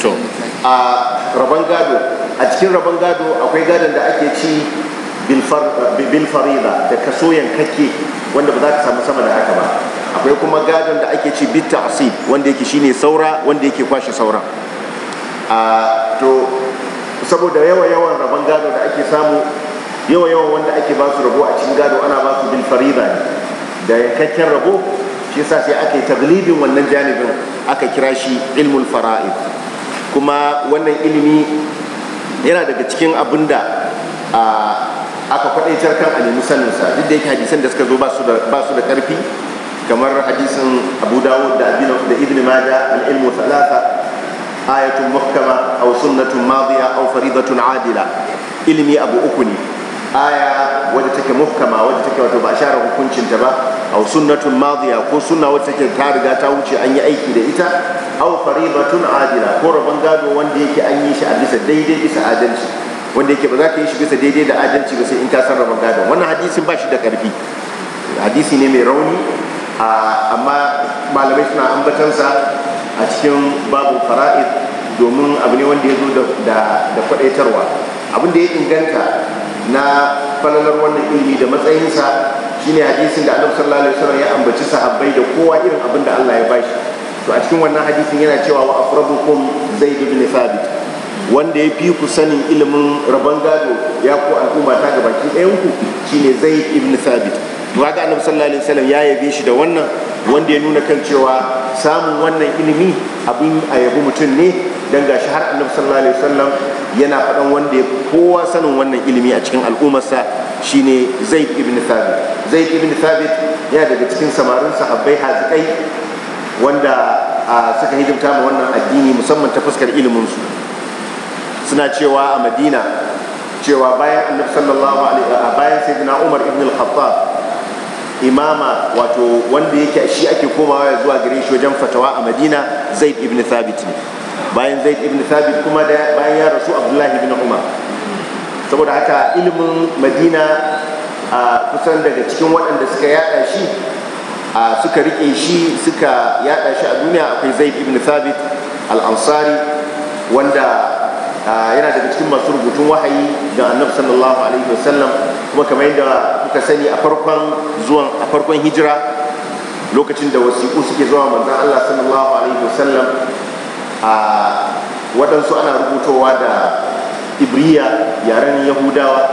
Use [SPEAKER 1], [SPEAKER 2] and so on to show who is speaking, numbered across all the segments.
[SPEAKER 1] to a rabon gado a cikin rabon gado akwai gadon da ake ci bil farida da kaso yankakke wanda ba za ka samu sama da haka ba akwai kuma gadon da ake ci bit ta'sib wanda yake shine saura wanda yake kwashe saura a to saboda yawa yawan rabon gado da ake samu yawa yawan wanda ake ba su rabo a cikin gado ana ba su bil farida ne da yankakken rabo shi yasa sai aka yi taglibin wannan janibin aka kira shi ilmul fara'id kuma wannan ilimi yana daga cikin abin da aka kwaɗaitar kan a nemi saninsa duk da yake hadisan da suka zo ba su da ƙarfi, kamar hadisan abu dawud da ibn maja al-ilmu ayatun muhkama au sunnatun madiya au faridatun adila ilimi abu uku ne aya wadda take muhkama wadda take wato ba a share hukuncinta ba aw sunnatun madiya ko sunna wadda take ta riga ta wuce an yi aiki da ita aw tun adila ko rabon gado wanda yake an yi shi a bisa daidai bisa adalci wanda yake ba za ka yi shi bisa daidai da adalci ba sai in ka san rabon gado wannan hadisin ba shi da karfi hadisi ne mai rauni amma malamai suna ambatansa a cikin babu fara'id domin abu ne wanda ya zo da kwadaitarwa abin da ya inganta na falalar wannan ilimi da matsayinsa shine hadisin da annabi sallallahu alaihi wasallam ya ambaci sahabbai da kowa irin abin da Allah ya bashi to a cikin wannan hadisin yana cewa wa afradukum zaid ibn thabit wanda ya fi ku sanin ilimin rabon gado ya ku al'umma ta baki ɗayan ku shine zaid ibn thabit to ga annabi sallallahu alaihi wasallam ya yabe shi da wannan wanda ya nuna kan cewa samun wannan ilimi abin a yabi mutum ne dan gashi har annabi sallallahu alaihi wasallam yana faɗan wanda ya kowa sanin wannan ilimi a cikin al'ummarsa shine zaid ibn thabit zaid ibn thabit yana daga cikin samarin sahabbai hazikai wanda suka hidimta ma wannan addini musamman ta fuskar iliminsu suna cewa a madina cewa bayan annabi sallallahu alaihi bayan sayyidina umar ibn al-khattab imama wato wanda yake shi ake komawa zuwa gare shi wajen fatawa a madina zaid ibn thabit ne bayan zaid ibn thabit kuma da bayan ya rasu abdullahi bin umar saboda haka ilimin madina a kusan daga cikin waɗanda suka yada shi a suka rike shi suka yada shi a duniya akwai zaid ibn thabit al-ansari wanda yana daga cikin masu rubutun wahayi ga annabi sallallahu alaihi wasallam kuma kamar yadda kuka sani a farkon zuwan a farkon hijira lokacin da wasiƙu suke zuwa manzon Allah sallallahu alaihi wasallam a waɗansu ana rubutowa da ibriya yaren yahudawa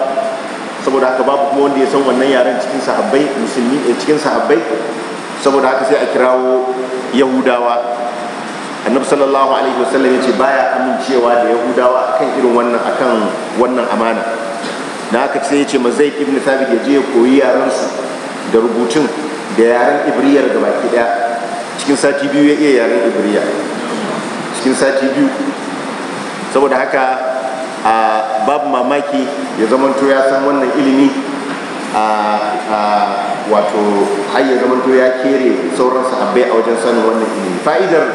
[SPEAKER 1] saboda haka babu kuma wanda ya san wannan yaren cikin sahabbai musulmi eh, cikin sahabbai saboda haka sai a kirawo yahudawa annabi sallallahu alaihi wasallam ya ce baya amincewa da yahudawa akan irin wannan akan wannan amana na haka sai ya ce mazai ibn thabit ya je ya koyi yaren su da rubutun da yaren ibriya gaba baki daya cikin sati biyu ya iya yaren ibriya cikin sati biyu saboda haka a babu mamaki ya zamanto ya san wannan ilimi a wato har ya zamanto ya kere sauran sahabbai a wajen sanin wannan ilimi fa'idar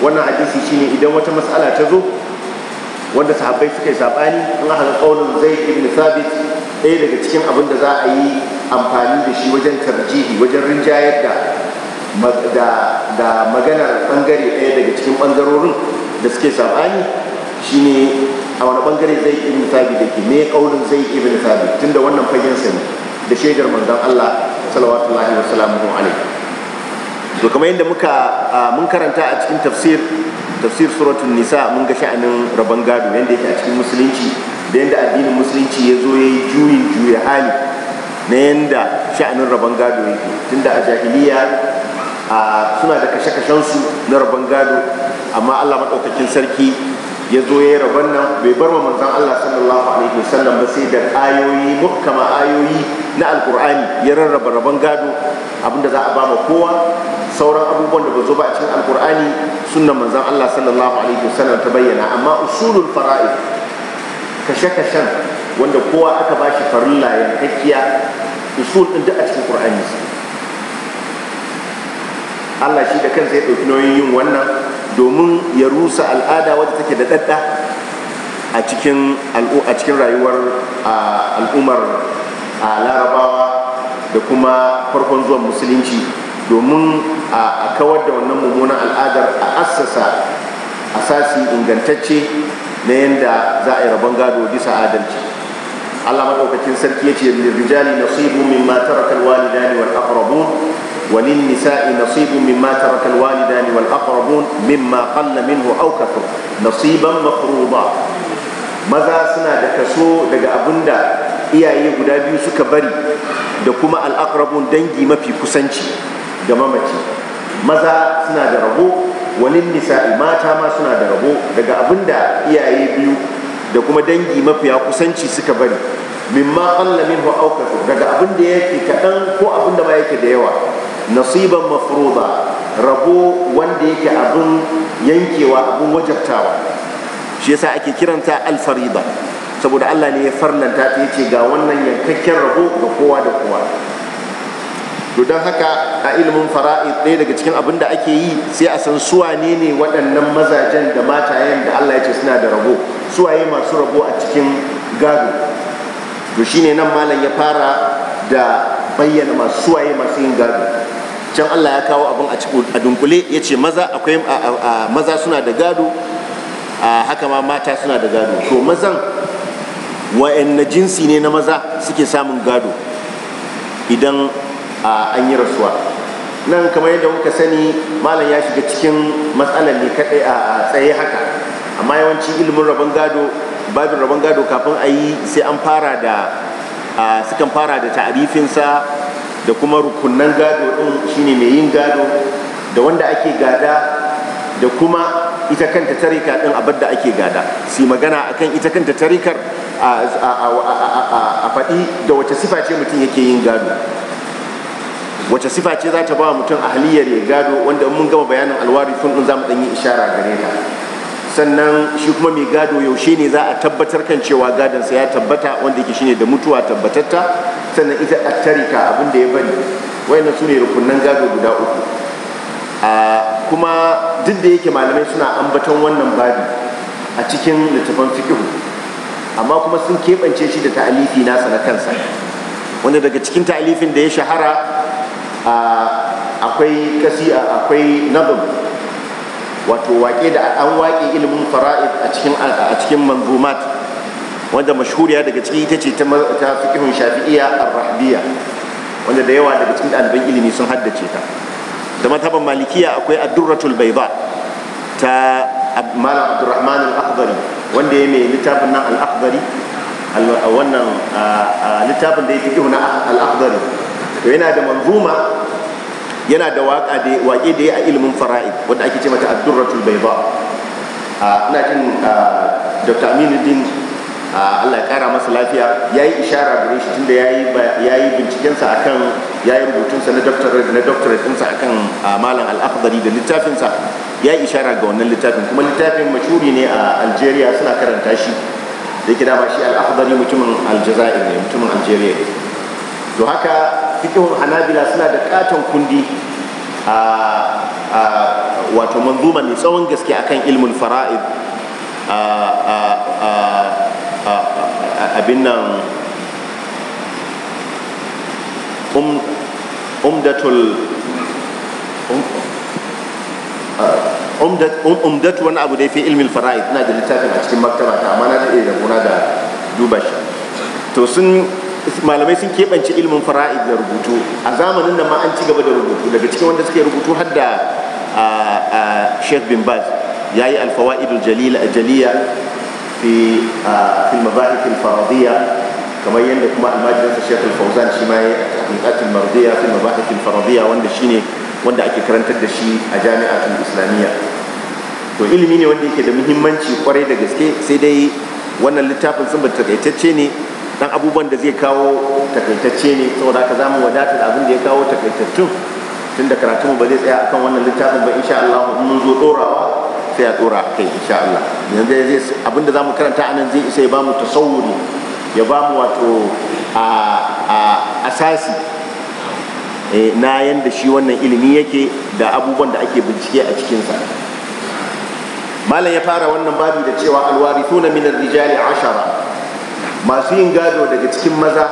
[SPEAKER 1] wannan hadisi shine idan wata matsala ta zo wanda sahabbai suka yi sabani in aka ga zai ibn sabit ɗaya daga cikin abin da za a yi amfani da shi wajen tarjihi wajen rinjayar da da maganar bangare ɗaya daga cikin bangarorin da suke sabani shine a wani bangare zai ibn thabit da ke me kaulin zai ibn thabit tunda wannan fagen sani da shaidar manzon Allah salawatullahi wa salamuhu alaihi to kamar yadda muka mun karanta a cikin tafsir tafsir suratul nisa mun ga sha'anin rabon gado yadda yake a cikin musulunci da yadda addinin musulunci ya zo ya yi juyin juya hali na yadda sha'anin rabon gado yake tunda a jahiliya suna da kashe-kashensu na rabon gado amma Allah maɗaukakin sarki ya zo ya yi rabon nan bai bar wa manzon Allah sallallahu alaihi wasallam ba sai da ayoyi muhkama ayoyi na alkur'ani ya rarraba rabon gado abinda za a ba ma kowa sauran abubuwan da ba zo ba a cikin alkur'ani sunnan manzan Allah sallallahu alaihi wasallam ta bayyana amma usulul fara'id kashe-kashen wanda kowa aka ba shi farilla ya usul ɗin duk a cikin qur'ani Allah shi da kansa ya ɗauki nauyin yin wannan domin ya rusa al'ada wadda take da ɗaɗɗa a cikin a cikin rayuwar al'ummar larabawa da kuma farkon zuwan musulunci domin a kawar da wannan mummunan al'adar a assasa asasi ingantacce na yadda za a yi rabon gado bisa adalci Allah maɗaukakin sarki ya ce rijali nasibu mimma taraka alwalidani wal aqrabun وللنساء نصيب مما ترك الوالدان والأقربون مما قل منه أو كثر نصيبا مفروضا maza suna da kaso daga abin da iyaye guda biyu suka bari da kuma al'akrabun dangi mafi kusanci ga mamaci maza suna da rabo wani nisa'i mata ma suna da rabo daga abin da iyaye biyu da kuma dangi mafi kusanci suka bari mimma qalla minhu aw daga abin da yake kaɗan ko abin da ma yake da yawa nasiban مفروضا rabo wanda yake abin yankewa abin wajabtawa shi yasa ake kiranta Alfariba. saboda Allah ne ya farlanta ta yace ga wannan yankakken rabo ga kowa da kowa to haka a ilimin fara'id ɗaya daga cikin abin da ake yi sai a san ne ne waɗannan mazajen da matayen da Allah ya ce suna da rabo suwaye masu rabo a cikin gado to shine nan malam ya fara da bayyana masu suwaye masu yin gado can Allah ya kawo abin a dunkule ya ce maza akwai maza suna da gado a haka ma mata suna da gado to mazan wa'anne jinsi ne na maza suke samun gado idan an yi rasuwa nan kamar yadda muka sani malam ya shiga cikin matsalar ne kaɗai a tsaye haka amma yawanci ilimin rabon gado babin rabon gado kafin a yi sai an fara da sukan fara da ta'arifinsa da kuma rukunan gado ɗin shine mai yin gado da wanda ake gada da kuma ita kanta tarika ɗin abar da ake gada si magana akan ita kanta tarikar a faɗi da wace sifa ce mutum yake yin gado wace sifa ce za ta ba mutum a haliyar ya gado wanda mun gama bayanin alwarifin ɗin za mu ɗan yi ishara gare ta sannan shi kuma mai gado yaushe ne za a tabbatar kan cewa gadonsa ya tabbata wanda yake shine da mutuwa tabbatatta sannan ita attarika abin da ya bari wayannan su ne rukunnan gado guda uku kuma duk da yake malamai suna ambaton wannan babi a cikin littafan fikihu amma kuma sun keɓance shi da ta'alifi nasa na kansa wanda daga cikin ta'alifin da ya shahara akwai kasi akwai nadab wato waƙe da an waƙe ilimin fara'id a cikin a cikin manzumat wanda mashhuriya daga ciki ita ce ta fiqhun shafi'iyya ar-rahbiyya wanda da yawa daga cikin ɗaliban ilimi sun haddace ta da mazhaban malikiya akwai ad-durratul bayda ta malam abdurrahman al-akhdari wanda ya mai littafin nan al-akhdari wannan littafin da ya fiqhu na al-akhdari to yana da manzuma yana da waƙa da waƙe da ya a ilimin fara'id wanda ake ce mata addurratul bayda a ina jin dr aminuddin allah ya kara masa lafiya ya yi ishara gare shi tunda ya yi bincikensa a kan ya yi rubutunsa na doctorate a kan malam al'akhdari da littafinsa ya yi ishara ga wannan littafin kuma littafin mashuri ne a algeria suna karanta shi da ke dama shi al'akhdari mutumin aljazair ne mutumin algeria to haka fikihun hanabila suna da katon kundi a wato manzuma mai tsawon gaske akan ilmin fara'id abin nan um, umdatu um, uh, um, wani abu da fi ilmin fara'id na da littafin a cikin maktaba ta amma na da iya da da duba shi to sun malamai sun keɓance ilimin fara'id da rubutu a zamanin da ma an ci gaba da rubutu daga cikin wanda suke rubutu har da sheikh bin baz ya yi a jaliya fi filmabahik alfaradiyya kamar yadda kuma almajirinsa sheikh alfauzan shi ma ya yi a mardiya filmabahik wanda wanda ne wanda ake karantar da shi a jami'atun islamiyya to ilimi ne wanda yake da muhimmanci kwarai da gaske sai dai wannan littafin sun ba takaitacce ne dan abubuwan da zai kawo takaitacce ne saboda haka zamu mu wadata abin da ya kawo takaitattun tun da karatunmu ba zai tsaya akan wannan littafin ba insha Allah mun zo dorawa sai a dora kai insha Allah yanzu abin da za karanta anan zai isa ya ba mu tasawuri ya ba mu wato a asasi eh, na yanda shi wannan ilimi yake da abubuwan da ake bincike a cikin sa malam ya fara wannan babi da cewa alwarithuna min ar-rijali ashara masu yin gado daga cikin maza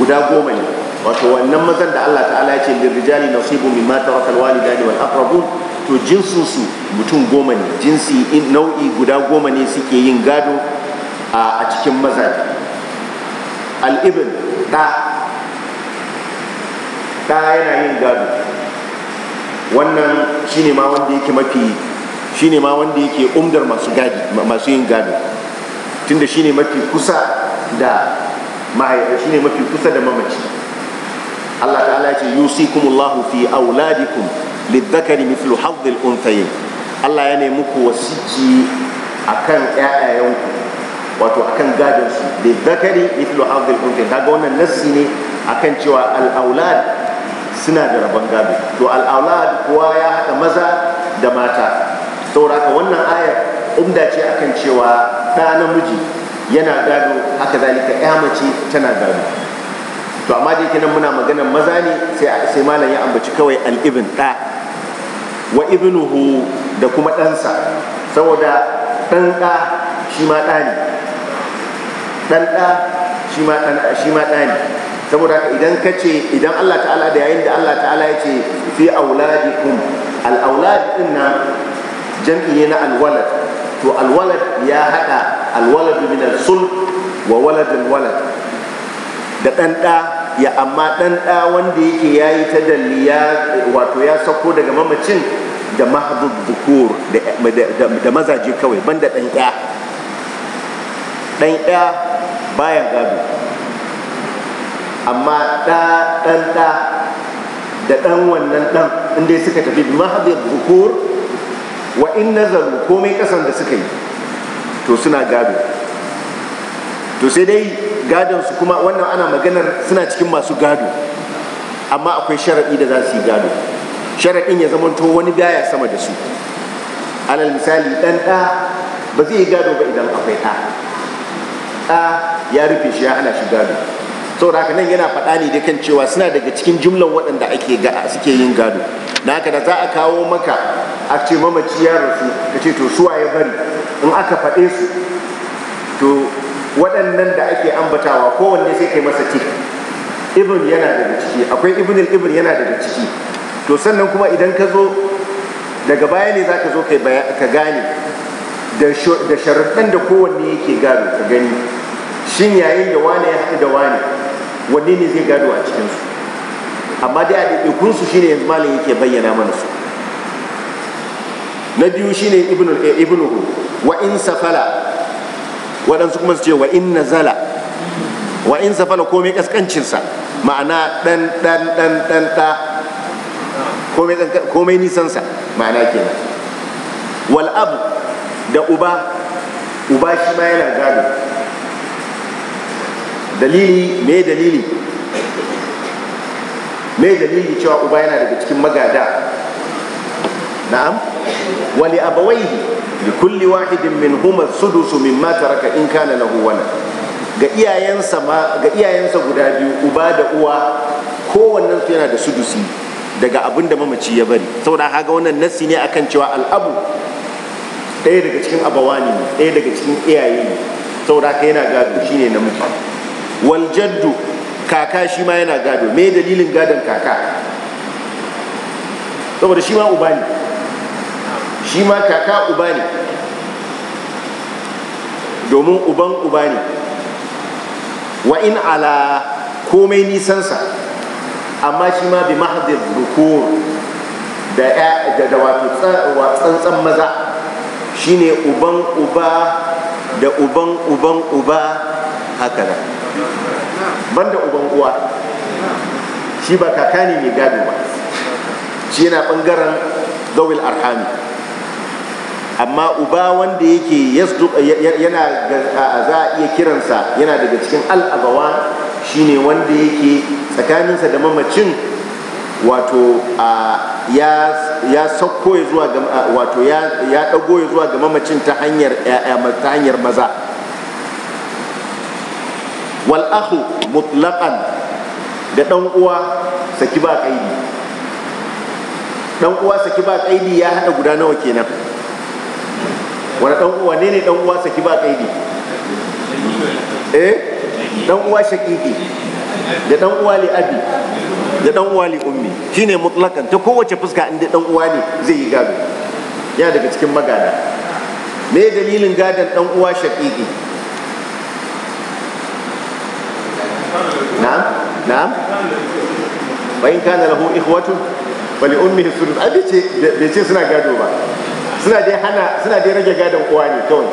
[SPEAKER 1] guda goma ne wato wannan mazan da Allah ta'ala ya ce lirrijali nasibu mimma tarakal walidani wal aqrabun to jinsin su mutum goma ne jinsi nau'i guda goma ne suke yin gado a cikin maza al-ibn da da yana yin gado wannan shine ma wanda yake mafi shine ma wanda yake umdar masu gadi masu yin gado tunda shine mafi kusa da ma'aikaci ne mafi kusa da mamaci Allah ta'ala ya ce yusikumullahu fi auladikum lidhakari mithlu hadhil unthayin Allah ya nemi ku wasiki akan ƴaƴayenku wato akan gadon su lidhakari mithlu hadhil Ta kaga wannan nassi ne akan cewa al suna da rabon gado to al-aulad kowa ya haɗa maza da mata saboda haka wannan ayar umda ce akan cewa ɗa namiji yana gado haka zalika ya mace tana gado to amma dai kenan muna maganar maza ne sai malam ya ambaci kawai al-ibn da wa ibnuhu da kuma ɗansa saboda ɗan ɗa shi ma ɗa ne ɗan ɗa shi ma ɗa ne saboda idan ka idan Allah ta'ala da yayin da Allah ta'ala ya ce fi auladikum al-aulad din na jam'i ne na alwalad to alwalad ya haɗa alwaladu min sul wa waladin walad da ɗan ɗa ya amma ɗan ɗa wanda yake ya yi ta dalli ya wato ya sako daga mamacin da mahadud zukur da mazaje kawai banda ɗan ɗa ɗan ɗa bayan gado amma ɗa ɗan ɗa da ɗan wannan ɗan inda suka tafi mahadud zukur wa in nazaru komai kasan da suka yi to suna gado to sai dai gadon su kuma wannan ana maganar suna cikin masu gado amma akwai sharaɗi da za su yi gado sharaɗin ya zamanto wani baya sama da su alal misali ɗan ɗa ba zai yi gado ba idan akwai ɗa ɗa ya rufe shi ya hana shi gado saboda haka nan yana faɗa ne da kan cewa suna daga cikin jumlan waɗanda ake suke yin gado na haka da za a kawo maka a ce mamaci ya rasu ka ce to suwa ya bari in aka faɗe su to waɗannan da ake ambatawa kowanne sai kai masa tik ibn yana daga ciki akwai ibn ibn yana daga ciki to sannan kuma idan ka zo daga baya ne za ka zo ka gane da sharaɗin da kowanne yake gado ka gani shin yayin da wane ya haɗu da wane wanne ne zai gado a cikinsu amma dai a ɗaiɗaikunsu shine yanzu malam yake bayyana mana su na biyu shine ibnu eh, ibnuhu wa in safala waɗansu kuma su ce wa in nazala wa in safala komai ƙasƙancinsa ma'ana dan dan dan dan da komai nisansa ma'ana kenan wal abu da uba uba shi ma yana gado dalili me dalili me dalili cewa uba yana daga cikin magada نعم wali abawaihi li kulli wahidin minhuma sudusu mimma taraka in kana lahu ga iyayensa ma ga iyayensa guda biyu uba da uwa kowannen su yana da sudusi daga abin da mamaci ya bari saboda haga wannan nassi ne akan cewa al'abu ɗaya daga cikin abawani ne ɗaya daga cikin iyaye ne saboda haka yana gado shine namiji wal jaddu kaka shi ma yana gado me dalilin gadon kaka saboda shi ma uba ne shi ma kaka uba ne domin uban uba ne wa in ala komai nisansa amma shi ma bi mahadin rukur da wato tsantsan maza ne uban uba da uban uban uba haka da banda uban uwa shi ba kaka ne mai gado ba shi yana bangaren zawil arhami amma uba wanda yake yana za a iya kiransa yana daga cikin al'abawa shine wanda yake tsakaninsa da mamacin wato ya sauko ya zuwa ga wato ya ɗago ya zuwa ga mamacin ta hanyar maza wal'ahu akhu mutlaqan da ɗan uwa saki ba kaidi ɗan uwa saki ba kaidi ya haɗa guda nawa kenan wani ɗan uwa ne ne ɗan uwa saki ba kaidi eh ɗan uwa shaqiqi da ɗan uwa li abi da ɗan uwa li ummi shine mutlakan ta kowace fuska inda ɗan uwa ne zai yi gado ya daga cikin magana me dalilin gadon ɗan uwa shaqiqi na'am na'am bayan kana lahu ikhwatu wa li ummihi thuluth abi ce bai ce suna gado ba suna dai hana suna dai rage gadon uwa ne kawai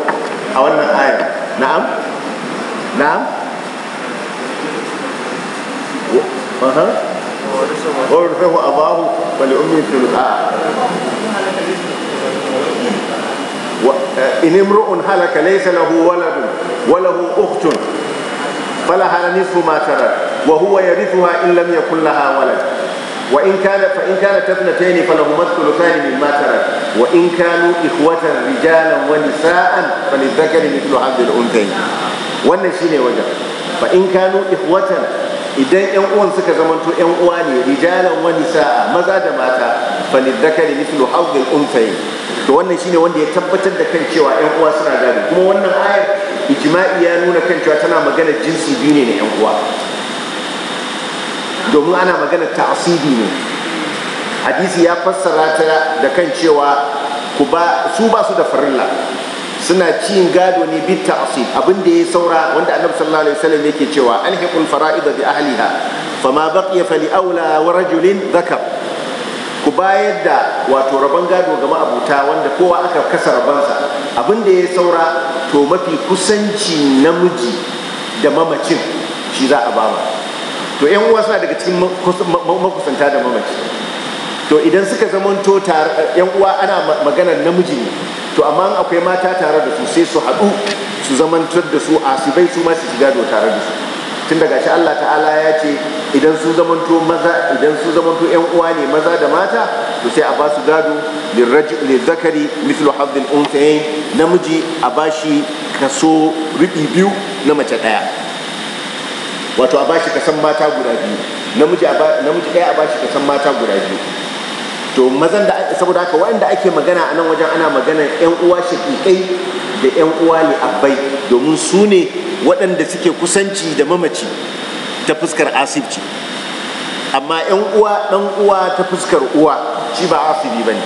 [SPEAKER 1] a wannan aya na'am na'am aha wa rufahu abahu wa li ummi wa in imru'un halaka laysa lahu waladun wa lahu ukhtun falaha nisfu ma tara wa huwa yarithuha in lam yakul laha walad وإن in فإن كانت in فلهما الثلثان مما ترك وإن كانوا إخوة in kanu فللذكر rijalan حظ الأنثيين falidhakari mithlu hadhi al-unthayn wannan shine wajen fa in kanu ikhwatan idan yan uwan suka zamanto yan uwa ne rijalan wani sa'a maza da mata to wannan shine wanda ya tabbatar da kan cewa yan uwa suna gado kuma wannan ayar ijma'i ya nuna kan cewa tana magana jinsi biyu ne na yan uwa domin ana maganar ta'asibi ne hadisi ya fassara ta da kan cewa su ba su da farilla suna cin gado ne bi ta'asib abin da ya saura wanda annabi sallallahu alaihi wasallam yake cewa alhiqul fara'id bi ahliha baƙi baqiya fali aula wa rajulin dhakar ku bayar da wato rabon gado ga ma'abuta wanda kowa aka kasa rabonsa abin da ya saura to mafi kusanci namiji da mamacin shi za a bama to yan uwa suna daga cikin makusanta da mamaci to idan suka tare yan uwa ana maganar namiji ne to amma akwai mata tare da su sai su haɗu su zamantar da su asibai su ma su shiga da tare da su tun daga shi Allah ta'ala ya ce idan su zamanto maza idan su to yan uwa ne maza da mata to sai a ba su gado Zakari, mithlu hadhil unthayn namiji a bashi kaso ribi biyu na mace ɗaya wato a bashi ka san mata guda biyu namiji ɗaya a bashi ka san mata guda biyu to mazan da saboda haka wanda ake magana a nan wajen ana magana yan uwa shaƙiƙai da yan uwa ne abai domin su ne waɗanda suke kusanci da mamaci ta fuskar asibci amma yan uwa ɗan uwa ta fuskar uwa shi ba asibi ba ne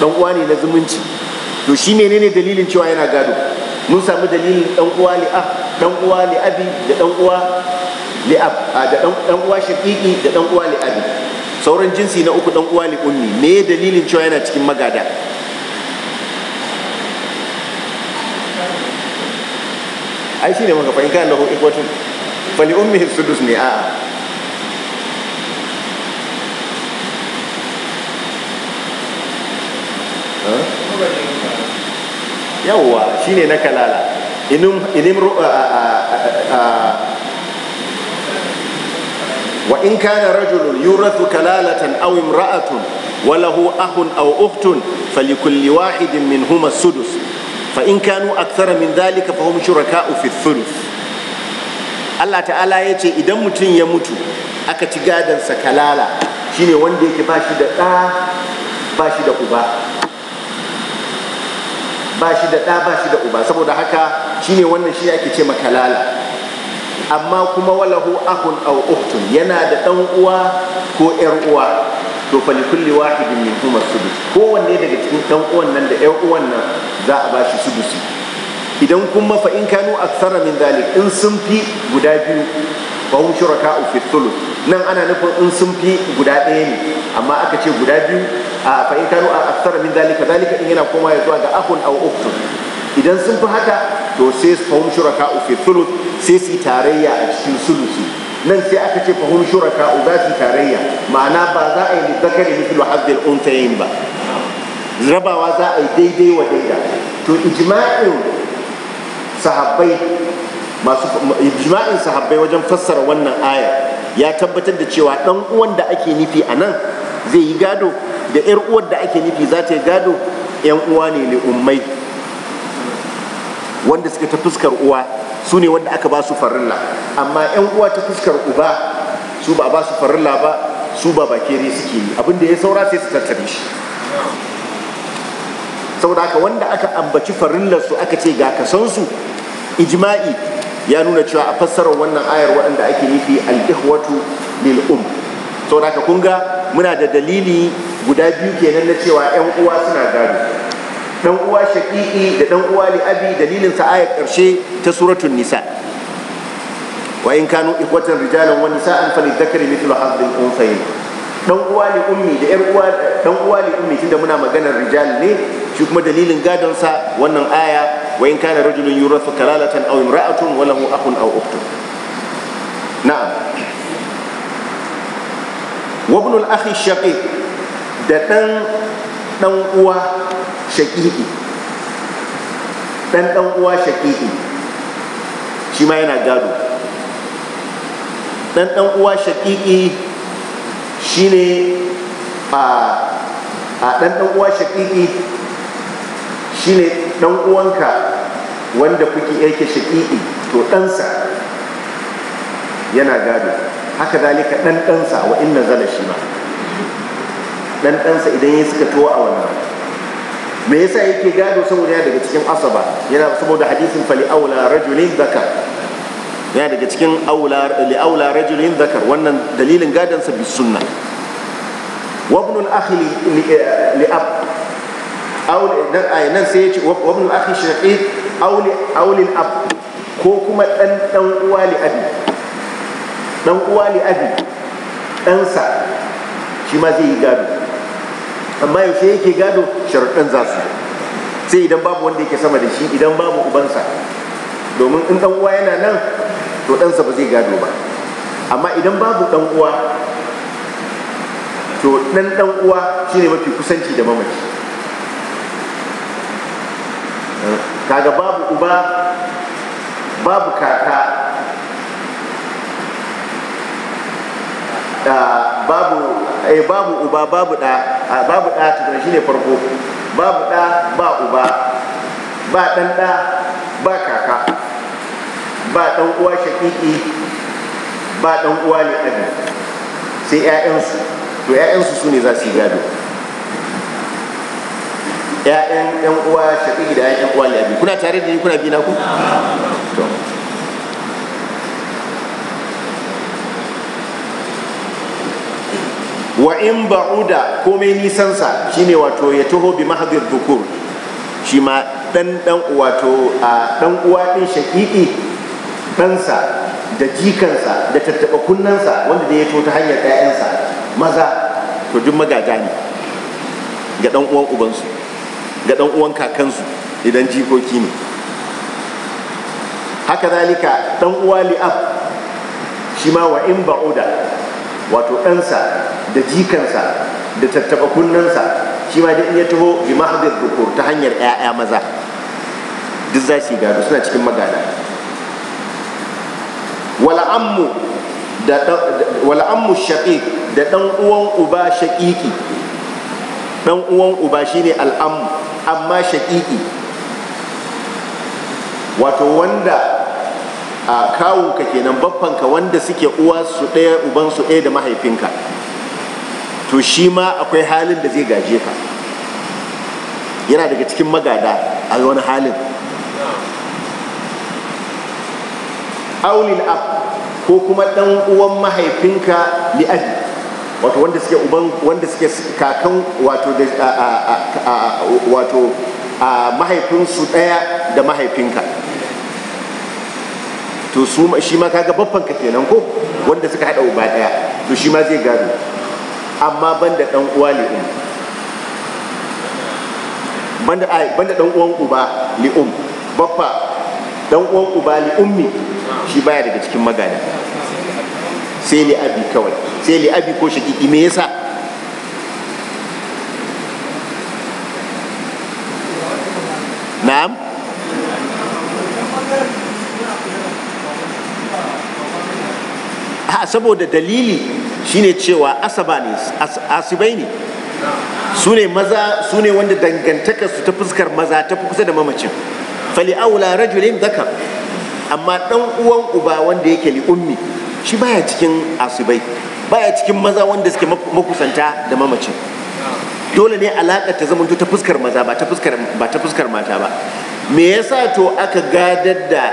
[SPEAKER 1] ɗan uwa ne na zumunci to shi ne ne dalilin cewa yana gado mun samu dalilin dan uwa li'ab dan uwa abi da dan uwa ab da dan uwa shaqiqi da dan uwa abi sauran jinsi na uku dan uwa ummi me dalilin cewa yana cikin magada ai shine maka fa in kana lahu ikwatun fa li ummihi sudus ne a'a yawwa shine na kalala inim inim wa in kana rajulun yurathu kalalatan aw imra'atun wa lahu ahun aw ukhtun falikulli wahidin minhuma sudus fa in kanu akthara min dhalika fa hum shuraka'u fi Allah ta'ala ya ce idan mutum ya mutu aka ci gadansa kalala shine wanda yake bashi da ɗa bashi da uba ba shi da ɗa ba shi da uba saboda haka shine wannan shi ake ce makalala amma kuma walahu ahun aw uhtun yana da ɗan uwa ko ƴar uwa to fa likulli wahidin min huma sudus kowanne daga cikin ɗan uwan nan da ƴar uwan nan za a ba bashi sudusi idan kuma fa in kanu aksara min dalil, in sun fi guda biyu fa hum shuraka'u fi nan ana nufin in sun fi guda ɗaya ne amma aka ce guda biyu a fa kanu a aktsara min zalika. Zalika in yana koma ya zuwa ga akhun au ukhtun idan sun fi haka to sai fa hum shuraka'u fi sai su tarayya a cikin sulusu. nan sai aka ce fa shuraka shuraka'u za su tarayya ma'ana ba za a yi lidzakari mithlu hazzil untayin ba rabawa za a yi daidai wa daida to ijma'in sahabbai masu ijma'in sahabbai wajen fassara wannan ayar, ya tabbatar da cewa dan uwan da ake nufi a nan zai yi gado da yar uwar da ake nufi za ta yi gado yan uwa ne ne ummai wanda suka ta fuskar uwa su ne wanda aka ba su farilla amma yan uwa ta fuskar uba su ba ba su farilla ba su ba keri suke yi abin da ya saura sai su tattare shi saboda haka wanda aka ambaci farillar su aka ce ga kasansu ijma'i ya nuna cewa a fassara wannan ayar waɗanda ake nufi al-ihwatu lil um saboda haka kun ga muna da dalili guda biyu kenan na cewa yan uwa suna gado dan uwa shaqiqi da dan uwa li abi dalilin sa ayar karshe ta suratul nisa wa in kanu ikwatan rijalan wa nisaan falidhakari mithlu hadhihi al-unthayayn dan uwa li ummi da 'yan uwa dan uwa li ummi tunda muna maganar rijal ne shi kuma dalilin gadon sa wannan aya وإن كان رجل rajulun كلالة أو امرأة وله أخ أو أخت نعم وابن الأخ wa دتن al-akhi da dan dan uwa shaqiqi dan uwa shi ma yana gado dan dan uwa shi a a dan dan uwa shi shine dan uwanka wanda kuke yake shaƙi'i to ɗansa yana gado haka zalika ɗan ɗansa wa inna zala shi ma ɗan ɗansa idan ya suka tuwa a wannan me yasa yake gado saboda ya daga cikin asaba yana saboda hadisin fali aula rajulin zakar yana daga cikin aula li aula rajulin zakar wannan dalilin gadon sa bis sunna wa ibn al eh, li ab aw nan sai ya ce wa ibn akhi shaqiq aw li aw ab ko kuma dan dan uwa li abi dan uwa li abi dan sa shi ma zai yi gado amma yaushe yake gado sharuɗan za su sai idan babu wanda yake sama da shi idan babu ubansa domin in dan uwa yana nan to ɗansa ba zai gado ba amma idan babu dan uwa to dan dan uwa shine mafi kusanci da mamaci kaga babu uba babu kaka babu eh babu uba babu da babu da shi ne farko babu da ba uba ba dan da ba kaka ba dan uwa shakiki ba dan uwa ne sai 'ya'yansu to 'ya'yansu su ne za su yi gado ya'yan yan uwa shaƙi da yan uwa labi kuna tare da ni kuna bi na ku wa in ba'uda komai nisansa shine wato ya taho bi mahadir dukur shi ma dan dan wato a dan uwa din shaƙiƙi ɗansa da jikansa da tattaɓa kunnansa wanda da ya to ta hanyar ɗayansa maza to duk magaja ne ga dan uwan ubansu ga ɗan uwan kakansu idan jikoki ne haka zalika ɗan uwa li'ab shi ma wa in ba'uda wato ɗansa da jikansa da tattaba kunnansa shi ma da ya taho bi mahadir dukur ta hanyar 'ya'ya maza duk za su gado suna cikin magana wala ammu shaƙiƙ da ɗan uwan uba shaƙiƙi ɗan uwan uba shine al'amu. amma shaƙiƙi wato wanda a kawunka kenan baffanka wanda suke uwa su ɗaya uban su ɗaya da mahaifinka to shi ma akwai halin da zai gaje ka yana daga cikin magada a wani halin aulil ab ko kuma ɗan uwan mahaifinka li'abi wato wanda suke uban wanda suke kakan wato da wato mahaifinsu ɗaya da mahaifinka to su shi ma kaga ka kenan ko wanda suka haɗa uba ɗaya to shi ma zai gado amma banda ɗan uwa li'um banda ai banda ɗan uwan uba li'um babba ɗan uwan uba li'ummi shi baya daga cikin magana sai li abi kawai sai li'abi ko shakiki me yasa na'am a saboda dalili shine cewa asabani asibai ne su ne maza su ne wanda dangantaka su ta fuskar maza ta fi kusa da mamacin fali aula rajulin zaka amma dan uwan uba wanda yake li ummi shi baya cikin asibai baya cikin maza wanda suke makusanta da mamacin dole ne alaƙa ta zamanto ta fuskar maza ba ta fuskar mata ba me yasa to aka gadar da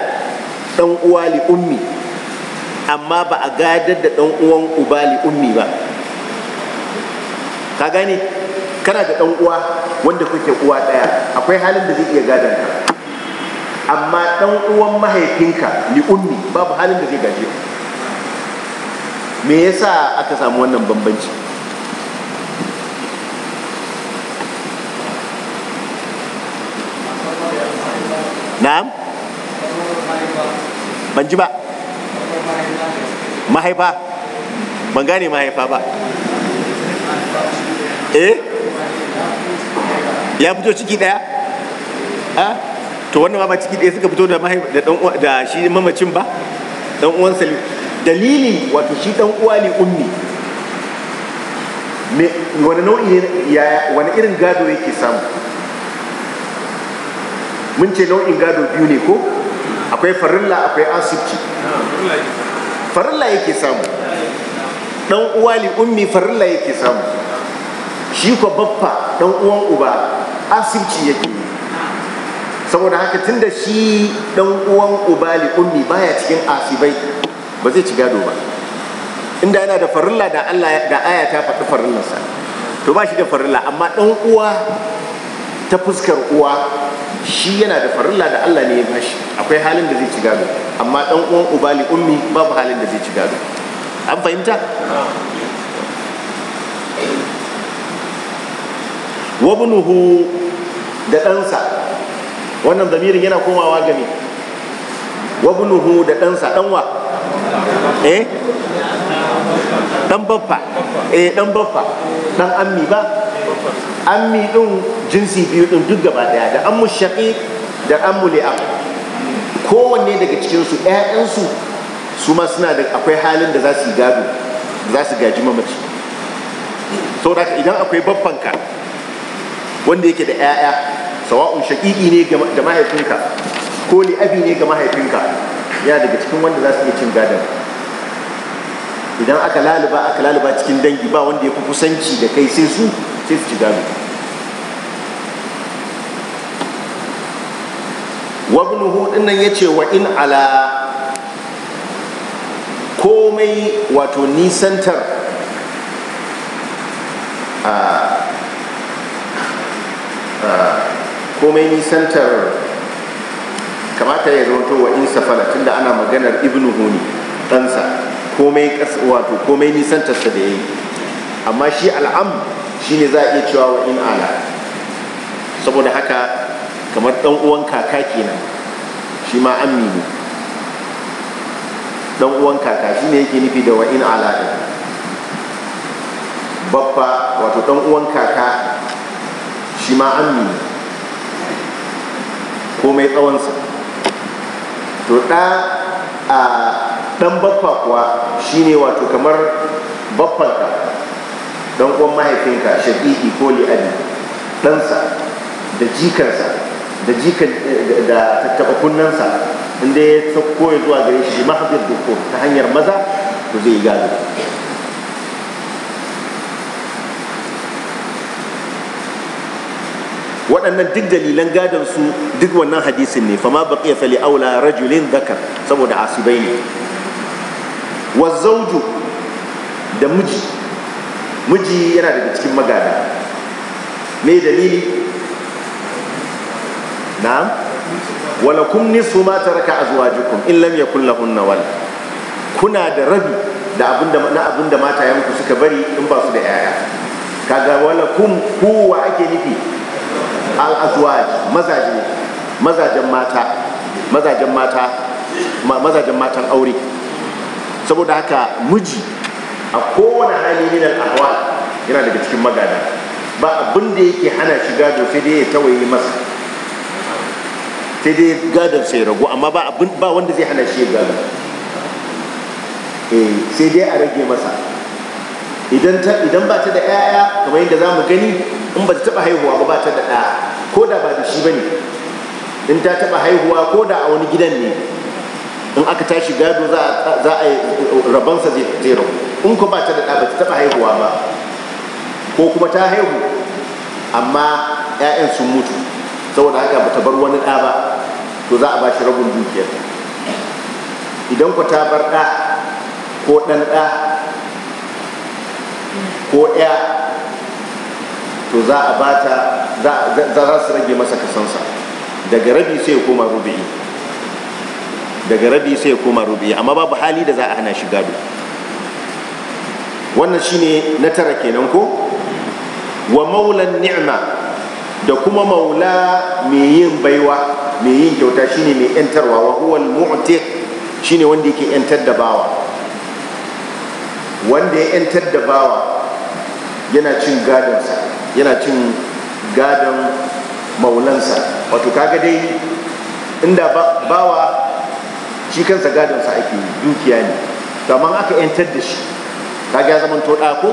[SPEAKER 1] ɗan uwa li ummi amma ba a gadar da ɗan uwan uba li ummi ba ka gane kana da ɗan uwa wanda kuke uwa ɗaya akwai halin da zai iya gadar ka amma ɗan uwan mahaifinka li ummi babu halin da zai gaje ka me yasa aka samu wannan bambanci na'am ban ji ba mahaifa ban gane mahaifa ba eh ya fito ciki daya ha to wannan ba ciki daya suka fito da mahaifa da shi mamacin ba dan uwan salim dalili wato shi dan uwa ne ummi me wani nau'i ya wani irin gado yake samu mun ce nau'in gado biyu ne ko akwai farilla akwai asibci farilla yake samu dan uwa li ummi farilla yake samu shi ko baffa dan uwan uba asibci yake yi saboda haka tunda shi dan uwan uba li ummi baya cikin asibai ba zai ci gado ba inda yana da farilla da Allah da aya ta faɗi farillarsa to ba shi da farilla amma ɗan uwa ta fuskar uwa shi yana da farilla da Allah ne ya bashi akwai halin da zai ci gado amma ɗan uwan ubali ummi babu halin da zai ci gado an fahimta wabnuhu da ɗansa wannan zamirin yana komawa ga ne wabnuhu da ɗansa ɗanwa eh dan baffa eh dan baffa dan ammi ba ammi din jinsi biyu din duk gaba daya da ammu shaqi da ammu li'ab kowanne daga cikin su ƴaƴansu su ma suna da akwai halin da za su gado za su gaji mamaci ka idan akwai babbanka wanda yake da ƴaƴa sawa'un shaqiqi ne ga mahaifinka ko li'abi ne ga mahaifinka ya daga cikin wanda za su iya cin gadon idan aka laluba aka laluba cikin dangi ba wanda ya fi kusanci da kai sai su sai su ci gado wabnuhu dinnan ya ce wa in ala komai wato nisantar komai nisantar kamata ya zonto wa in safala tunda ana maganar ibnu huni ɗansa komai wato komai nisantarsa da yayi amma shi al'am shi ne za a iya cewa wa in ala saboda haka kamar ɗan uwan kaka kenan shi ma ammi ne ɗan uwan kaka shi ne yake nufi da wa in ala ɗin babba wato ɗan uwan kaka shi ma ammi ne komai tsawonsa to ɗa a ɗan baffa kuwa shine wato kamar baffanka don uwan mahaifinka shaƙiƙi ko li'adi ɗansa da jikansa da jikan da tattaɓa kunnansa inda ya sauko ya zuwa gare shi mahaifin dukko ta hanyar maza to zai gado waɗannan duk dalilan gadon su duk wannan hadisin ne fama ya fali aula rajulin zakar saboda asibai ne wa da miji miji yana daga cikin magada me dalili na walakum nisu ma taraka azwajukum in lam yakul lahunna wal kuna da rabi da abinda na abinda mata yanku suka bari in ba su da yaya kaga walakum ku wa ake nufi al-azwaj mazaje mazajen mata mazajen mata mazajen matan aure saboda haka miji a kowane hali min al-ahwal yana daga cikin magada ba abin da yake hana shi gado sai dai ya tawaye masa sai dai gadon sai ragu amma ba wanda zai hana shi gado eh, sai dai a rage masa idan idan ba ta da 'ya'ya kamar yadda zamu gani in ba ta taɓa haihuwa ba ta da ɗa ko da ba da shi ba ne in ta taɓa haihuwa ko da a wani gidan ne in aka tashi gado za a raban sa zai rabu in ko ba ta da ɗa ba ta taɓa haihuwa ba ko kuma ta haihu amma 'ya'yan sun mutu saboda haka ba ta bar wani ɗa ba to za a ba shi rabin dukiyar idan ku ta bar ɗa ko ɗan ɗa ko ɗaya to za a bata za a su rage masa kasansa daga rabi sai ya koma rubi'i daga rabi sai ya koma rubi'i amma babu hali da za a hana shi gado wannan shine na tara kenan ko wa maulan ni'ma da kuma maula mai yin baiwa mai yin kyauta shine mai yantarwa wa huwal mutiq shine wanda yake yantar da bawa wanda ya yantar da bawa yana cin gadonsa yana cin gadon maulansa wato kaga dai inda bawa shi kansa gadonsa ake dukiya ne amma aka yantar da shi kaga ya zama to ko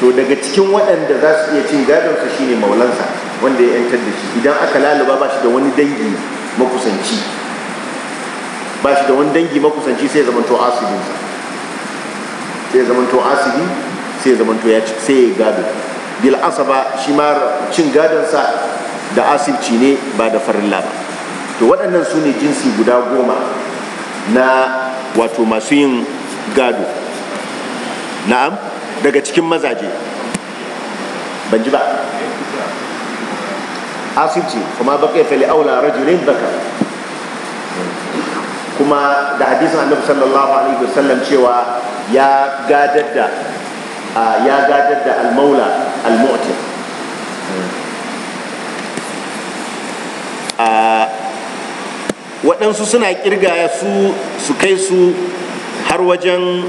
[SPEAKER 1] to daga cikin waɗanda za su iya cin gadonsa shine maulansa wanda ya yantar da shi idan aka laluba ba shi da wani dangi makusanci ba shi da wani dangi makusanci sai ya zama to asibinsa sai zaman to asibi sai zaman to ya sai gado bil asaba shi ma cin gadon sa da asibci ne ba da farilla ba to waɗannan su ne jinsi guda goma na wato masu yin gado na'am daga cikin mazaje ban ji ba asibci kuma baƙi fali aula rajulin baka kuma da hadisin annabi sallallahu alaihi wasallam cewa ya gadar da ya gadar da almaula almu'tin waɗansu suna kirga su su kai su har wajen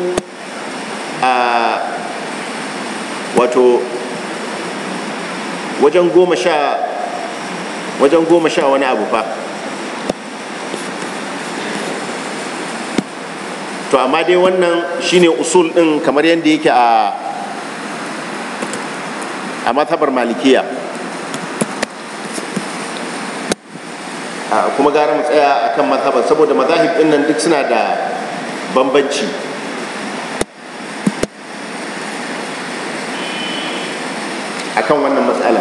[SPEAKER 1] wato wajen goma sha wani abu fa to amma dai wannan shine usul din kamar yadda yake a a matabar malikiya kuma gara mu tsaya kan matabar saboda mazahib din nan duk suna da bambanci A kan wannan matsala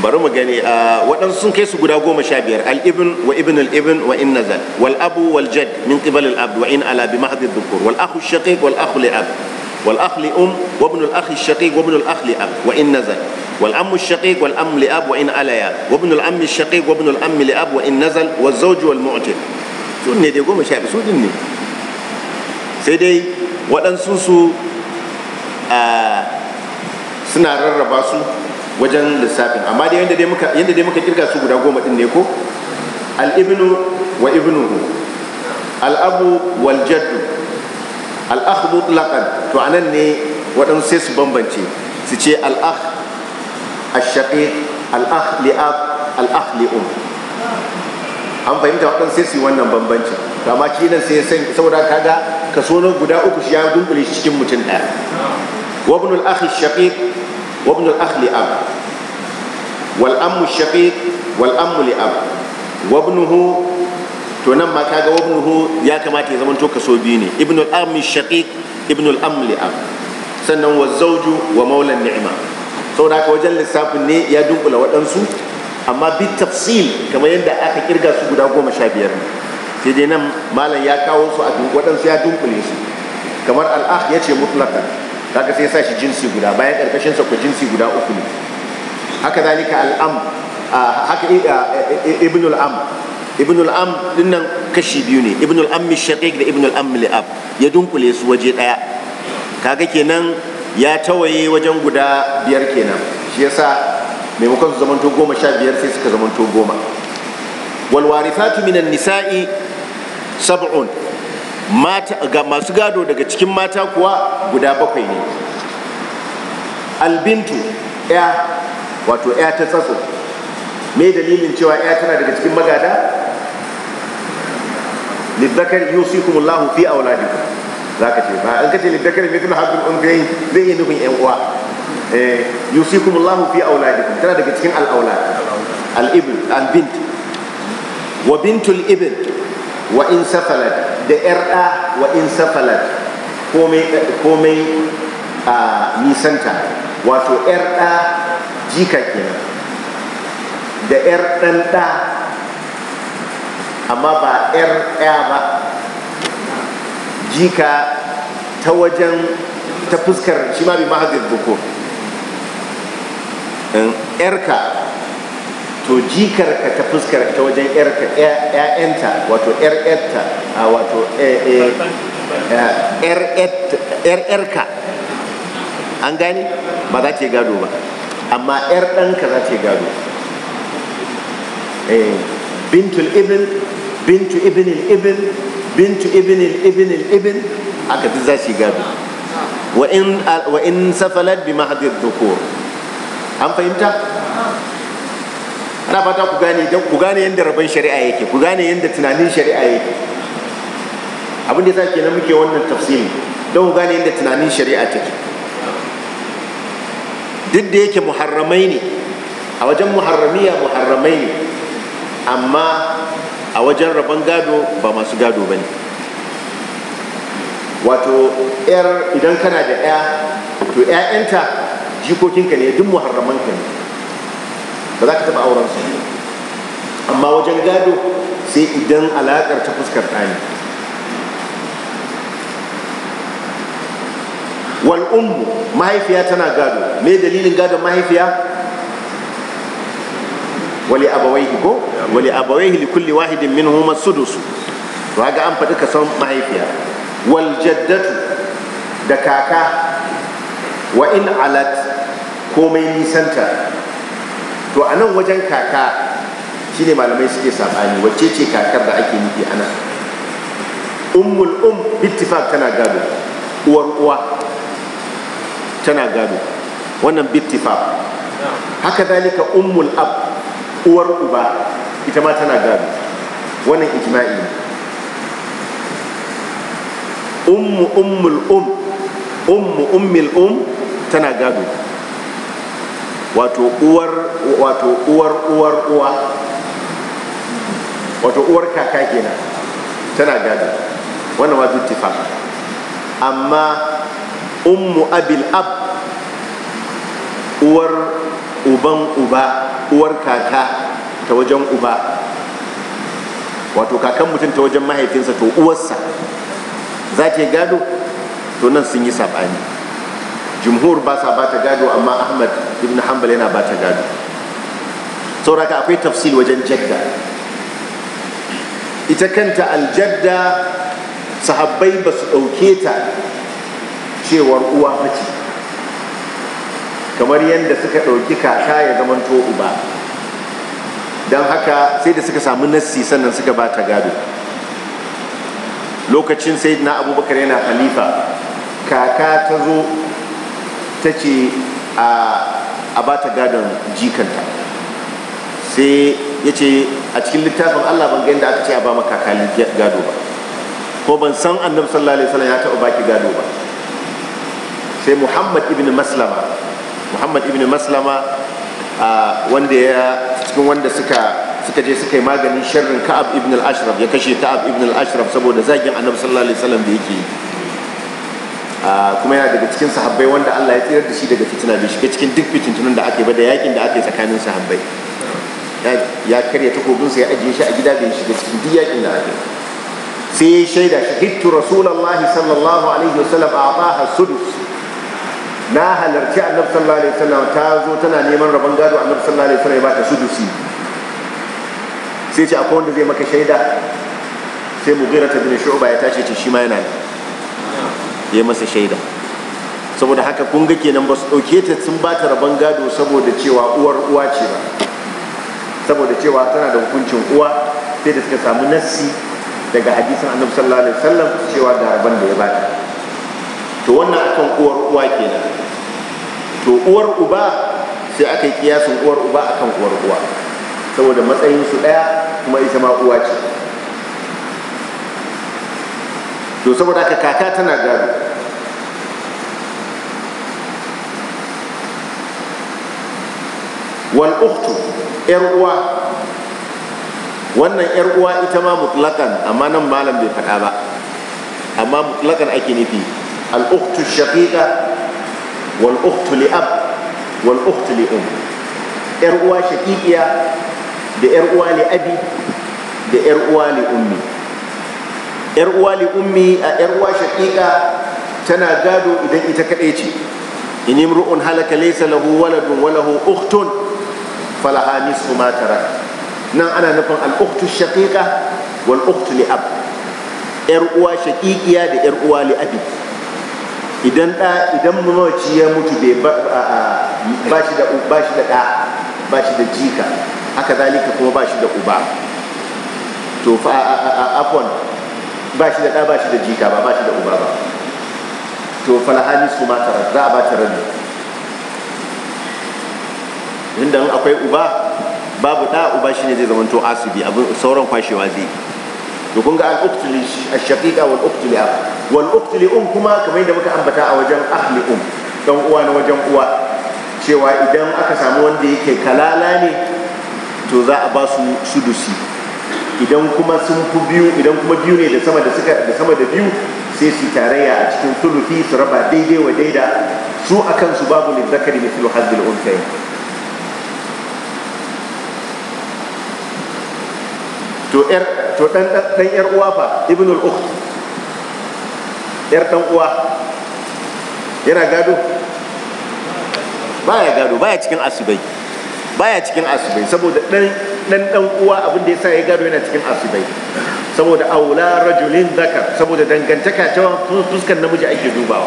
[SPEAKER 1] bari mu gani waɗansu sun kai su guda goma sha biyar al wa ibn al'ibin wa in nazal wal abu wal jad min qibal al-abd wa in ala bi mahdi dhukur wal akhu shaqiq wal akhu li ab wal akhu li um wa ibn al akhi shaqiq wa ibn al akhi li ab wa in nazal wal amu shaqiq wal am li ab wa in ala ya wa ibn al-ammi shaqiq wa ibn al-ammi li ab wa in nazal wa zawj wal mu'til sun ne dai goma sha biyar su din ne sai dai waɗansu su suna rarraba su wajen lissafin amma dai yadda dai muka yadda dai muka kirga su guda goma din ne ko al ibnu wa ibnuhu al abu wal jaddu al akh mutlaqan to anan ne waɗansu sai su bambance su ce al akh al shaqiq al akh li ab al akh li um an fahimta waɗansu sai su yi wannan bambancin amma shi nan sai san saboda kaga kaso guda uku shi ya dunkule cikin mutum ɗaya wa ibnul akh shaqiq وابن الأخ لأب والأم الشقيق والأم لأب وابنه to nan ma kaga wabnuhu ya kamata ya zama to kaso biyu ne ibn al-am shaqiq ibn am sannan wa zawju wa maula ni'ma saboda haka wajen lissafin ne ya dunkula waɗansu amma bi tafsil kamar yadda aka kirga su guda goma sha biyar ne sai dai nan malam ya kawo su a waɗansu ya dunkule su kamar al'ah ya ce mutlaqan kaga sai ya sa shi jinsi guda bayan karkashin sa ku jinsi guda uku ne haka zalika al'am haka ibn al'am ibn al'am dinnan kashi biyu ne ibn al'am shaqiq da ibn al'am li'ab ya dunkule su waje daya kaga kenan ya tawaye wajen guda biyar kenan shi yasa maimakon su zamanto goma sha biyar sai suka zamanto goma wal warithatu minan nisa'i sab'un ga masu gado daga cikin mata kuwa guda bakwai ne albintu ya wato ya ta tsatso me dalilin cewa ya tana daga cikin magada lidakar yusikumullahu fi Za ka ce ba an kace lidakar tuna hadrul unfiyayn zai yi nufin yan uwa eh yusikumullahu fi auladikum tana daga cikin al'aula al'ibin al wa bintul ibin wa in safalat da yar wa in safalat komai a nisanta wato yar jika kenan da yar ɗan ɗa amma ba yar ba jika ta wajen ta fuskar shi ma bi mahadin buko yarka to ka ta fuskar ta wajen ‘ya'yanta wato a wato ‘yar'yarka eh, eh, an gani ba za ta gado ba amma ‘yar ɗanka za ta yi gado eh, bintul ibn bintu ibn ibn bintu ibn ibn ibn aka duk za ta gado wa in safalat bi mahadin dhukur an fahimta na fata ku gane don ku gane yadda rabon shari'a yake ku gane yadda tunanin shari'a yake abin da zaki na muke wannan tafsiri don ku gane yadda tunanin shari'a take duk da yake muharramai ne a wajen muharramiya muharramai ne amma a wajen rabon gado ba masu gado ba ne wato yar idan kana da ya to 'ya'yanta jikokinka ne duk muharramanka ne ba za ka taɓa auren su amma wajen gado sai idan alaƙar ta fuskar ɗani wal ummu mahaifiya tana gado me dalilin gadon mahaifiya wali abawaihi ko wali abawaihi li kulli wahidin minhum as-sudus to haka an faɗi kasan mahaifiya wal jaddatu da kaka wa in alat komai nisanta to a nan wajen kaka shine malamai suke saɓani wacce ce kakar da ake nufi ana ummul um bittifaq tana gado uwar uwa tana gado wannan bittifaq haka dalika ummul ab uwar uba ita ma tana gado wannan ijma'i ummu ummul um ummu ummil um tana gado wato uwar wato uwar uwar uwa wato uwar kaka kenan tana gado wannan ma tifa amma ummu abil ab uwar uban uba uwar kaka ta wajen uba wato kakan mutum ta wajen mahaifinsa to uwarsa za ta gado to nan sun yi saɓani jumhur ba sa bata gado amma ahmad ibn hanbal yana bata gado sauraka akwai tafsil wajen jadda ita kanta aljadda sahabbai ba su ɗauke ta cewar uwa mace kamar yadda suka ɗauki kaka ya zamanto ba. don haka sai da suka samu nassi sannan suka ba ta gado lokacin sai na abubakar yana halifa kaka ta zo ta ce a ba ta gadon jikanta sai ya ce a cikin littafin allah ban ga yadda aka ce a ba maka kakali gado ba ko ban san annabi sallallahu alaihi wasallam ya taɓa baki gado ba sai muhammad ibn maslama muhammad ibn maslama wanda ya cikin wanda suka suka je suka yi maganin sharrin ka'ab ibn al-ashraf ya kashe ka'ab ibn al-ashraf saboda zagin annabi sallallahu alaihi wasallam da yake yi Ah, kuma yana daga cikin sahabbai wanda Allah ya tsirar da shi daga fitina bai shiga cikin duk fitintunan da ake yi ba da yakin da ake tsakanin sahabbai ya karya takobinsa ya ajiye shi a gida bai shiga cikin duk yakin da ake sai ya shaida shahidtu rasulullahi sallallahu alaihi wasallam a baha sudus na halarci annabi sallallahu alaihi wasallam ta zo tana neman rabon gado annabi sallallahu alaihi wasallam ya bata sudusi sai ce akwai wanda zai maka shaida sai mugira ta bin shu'ba ya tashi ce shi ma yana ne ya masa shaida saboda haka kun ga kenan ba su ɗauke ta sun ba ta rabon gado saboda cewa uwar uwa ce ba saboda cewa tana da hukuncin uwa sai da suka samu nassi daga hadisin annabi sallallahu alaihi wasallam cewa da rabon da ya ta to wannan akan uwar uwa kenan to uwar uba sai aka yi kiyasin uwar uba akan uwar uwa saboda matsayin su daya kuma ita ma uwa ce to saboda ka kaka tana gado wal ukhtu yar uwa wannan yar uwa ita ma mutlakan amma nan malam bai faɗa ba amma mutlakan ake nufi al ukhtu shaqiqa wal ukhtu li ab wal ukhtu li um yar uwa shaqiqiya da yar uwa li abi da yar uwa li ummi yar uwa li ummi a yar uwa shaqiqa tana gado idan ita kaɗai ce in imru'un halaka laysa lahu waladun wa lahu ukhtun falaha nisfu ma tarak nan ana nufin al ukhtu shaqiqa wal ukhtu li ab yar uwa shaqiqiya da yar uwa li abi idan da idan mamaci ya mutu bai ba shi da ba shi da da ba shi da jika haka zalika kuma ba shi da uba to fa afwan ba shi da ba shi da jika ba ba shi da uba ba to falahani su ma tara za a ba ta rabi inda akwai uba babu ɗa uba shi zai zama to asibi abin sauran kwashewa zai to kun ga al uktuli ashaqiqa wal uktuli ab wal uktuli um kuma kamar yadda muka ambata a wajen ahli um dan uwa na wajen uwa cewa idan aka samu wanda yake kalala ne to za a ba su sudusi idan kuma sun fi biyu idan kuma biyu ne da sama da suka da sama da biyu sai su tarayya a cikin sulufi su raba daidai wa daida su a kansu babu ne zakari mithlu hazzil unthayn to yar to dan dan yar uwa fa al ukht yar dan uwa yana gado baya gado baya cikin asibai baya cikin asibai saboda dan dan dan uwa abin da yasa ya gado yana cikin asibai saboda aula rajulin zakar saboda dangantaka ta fuskar namiji ake dubawa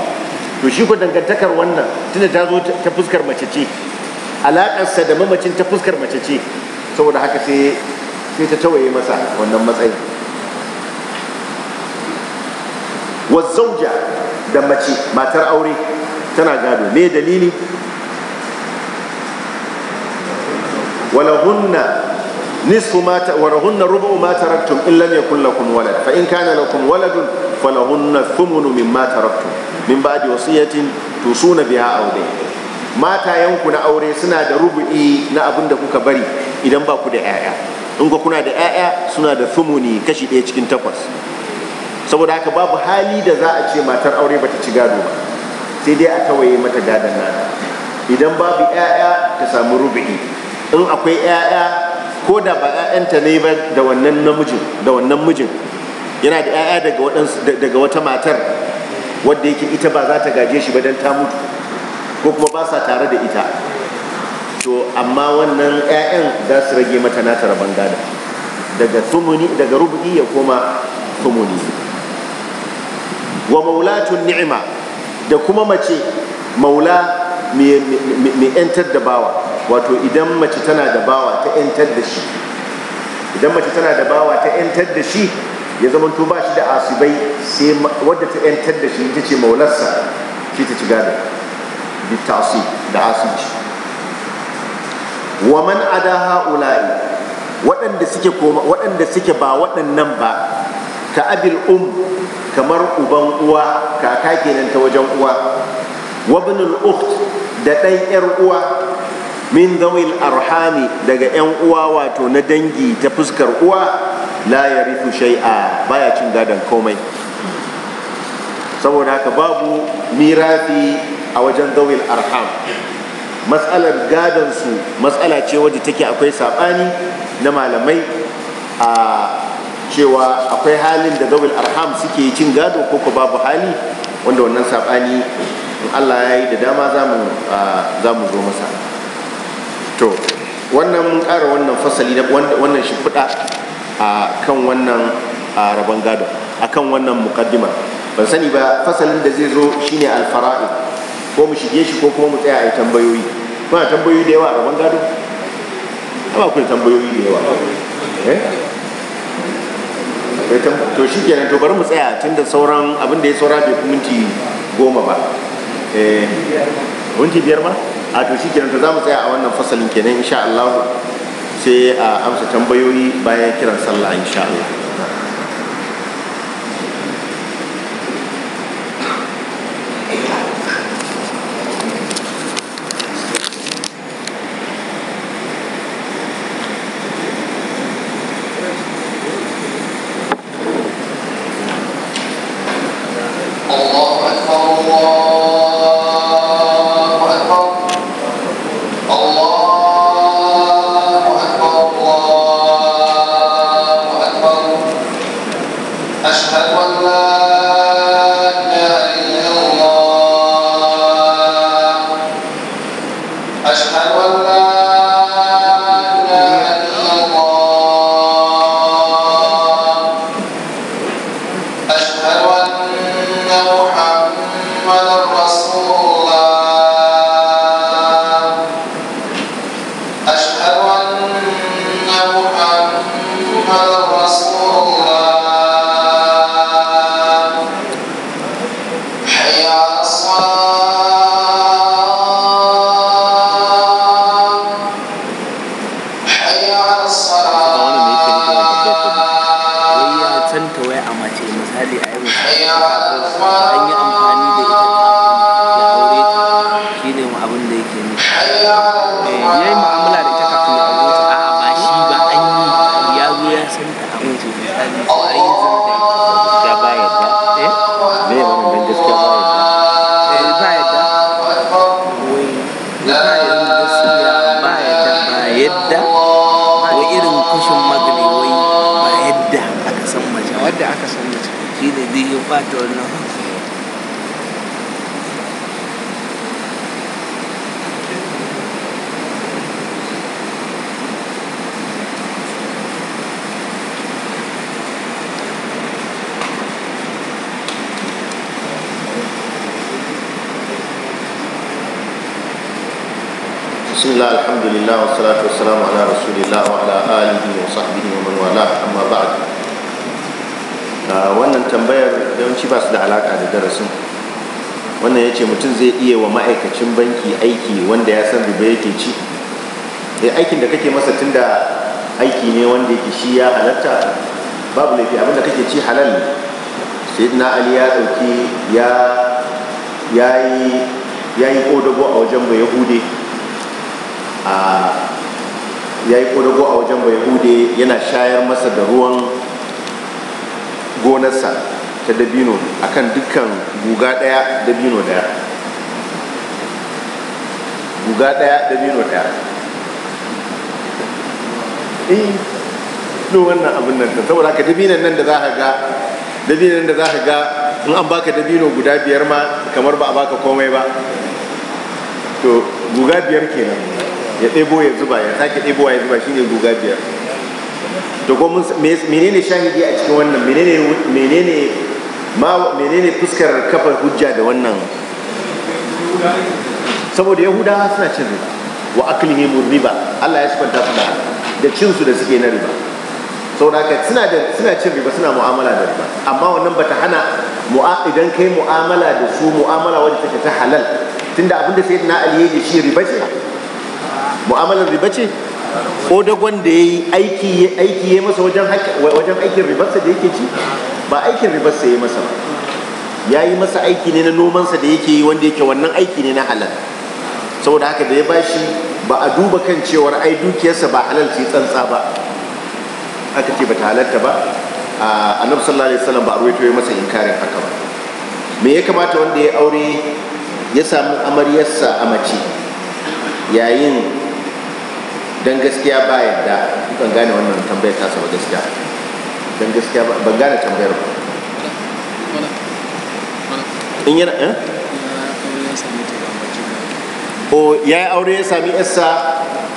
[SPEAKER 1] to shi ko dangantakar wannan tunda ta zo ta fuskar mace ce sa da mamacin ta fuskar mace ce saboda haka sai sai ta tawaye masa wannan matsayin zauja da mace matar aure tana gado me dalili walahunna nisfu ma warahunna rubu'u ma taraktum in lam yakul lakum walad fa in kana lakum waladun falahunna thumnu mimma taraktum min ba'di wasiyatin tusuna biha na aure suna da rubu'i na abin da kuka bari idan ba ku da 'ya'ya in ku kuna da 'ya'ya suna da thumuni kashi ɗaya cikin takwas saboda haka babu hali da za a ce matar aure bata ci gado ba sai dai a tawaye mata gadon nan idan babu 'ya'ya ta samu rubu'i in akwai 'ya'ya ko da ba 'ya'yanta ne ba da wannan namijin da wannan mijin yana da 'ya'ya daga wata matar wadda yake ita ba za ta gaje shi ba dan ta mutu ko kuma ba sa tare da ita to amma wannan 'ya'yan za su rage mata nata rabon gada daga tumuni daga rubu'i ya koma tumuni wa maulatun ni'ima da kuma mace maula mai 'yantar da bawa wato idan mace tana da bawa ta 'yantar da shi idan mace tana da bawa ta 'yantar da shi ya to ba shi da asibai sai wadda ta 'yantar da shi ta ce maularsa shi ta ci gada bi da asiji wa man ada ha'ula'i waɗanda suke koma waɗanda suke ba waɗannan ba ka abil um kamar uban uwa kaka kenan ta wajen uwa wa ibnul ukht da ɗan 'yar uwa min zawil arhami daga yan uwa wato na dangi ta fuskar uwa la yarithu shai'a baya cin gadon komai saboda haka babu mirafi a wajen zawil arham matsalar gadon su matsala ce wadda take akwai saɓani na malamai a cewa akwai halin da zawil arham suke cin gado ko ka babu hali wanda wannan saɓani in allah ya yi da dama za mu zo masa to wannan mun ƙara wannan fasali na wannan shimfiɗa a kan wannan rabon gado a kan wannan mukaddima ban sani ba fasalin da zai zo shine alfara'i ko mu shige shi ko kuma mu tsaya a yi tambayoyi kuna tambayoyi da yawa a rabon gado ba ku tambayoyi da yawa eh? to shi kenan to bari mu tsaya tun da sauran abin da ya saura bai minti goma ba eh, minti biyar ma a to shi kenan to za mu tsaya a wannan fasalin kenan insha Allah sai a amsa tambayoyi bayan kiran sallah insha Allah به قاتلنا
[SPEAKER 2] بسم الله الحمد لله والصلاة والسلام على رسول الله وعلى آله وصحبه ومن والاه أما بعد
[SPEAKER 1] wannan tambayar yawanci ba su da alaka da darasin wannan ya ce mutum zai iya wa ma'aikacin banki aiki wanda ya san riba yake ci eh, aikin da kake masa tun da aiki ne wanda yake shi ya halatta babu laifi abinda kake ci halal ne na ali ya ɗauki ya ya yi kodago a wajen bai hude a ya yi a wajen bai hude yana shayar masa da ruwan gonarsa ta dabino a kan dukkan guga daya dabino daya guga daya dabino daya eh no wannan abin nan saboda ka dabinan nan da za ka ga dabinan da za ka ga in an baka dabino guda biyar ma kamar ba a baka komai ba to guga biyar kenan ya ɗebo ya zuba ya sake ɗebowa ya zuba shine guga biyar to ko menene shahidi a cikin wannan menene ma menene fuskar kafar hujja da wannan saboda yahudawa suna cin riba wa aklihi riba Allah ya sifanta su da da cin su da suke na riba saboda ka suna da suna cin riba suna mu'amala da riba amma wannan bata hana idan kai mu'amala da su mu'amala wadda take ta halal tunda abinda sayyidina Ali ya shi riba ce mu'amalar riba ce ko dagon da ya yi aiki ya aiki ya masa wajen wajen aikin ribarsa da yake ci ba aikin ribarsa ya masa ba. ya yi masa aiki ne na nomansa da yake yi wanda yake wannan aiki ne na halal saboda haka da ya bashi ba a duba kan cewar ai dukiyarsa ba halal ce tsantsa ba aka ce ba ta halarta ba a annabi sallallahu alaihi wasallam ba a ruwaito masa inkarin haka ba me ya kamata wanda ya aure ya samu amaryarsa a mace yayin dan gaskiya ba yadda ban gane wannan tambayar tasa ba gaskiya dan gaskiya ban gane tambayar ba in yana eh ya yi aure ya sami yasa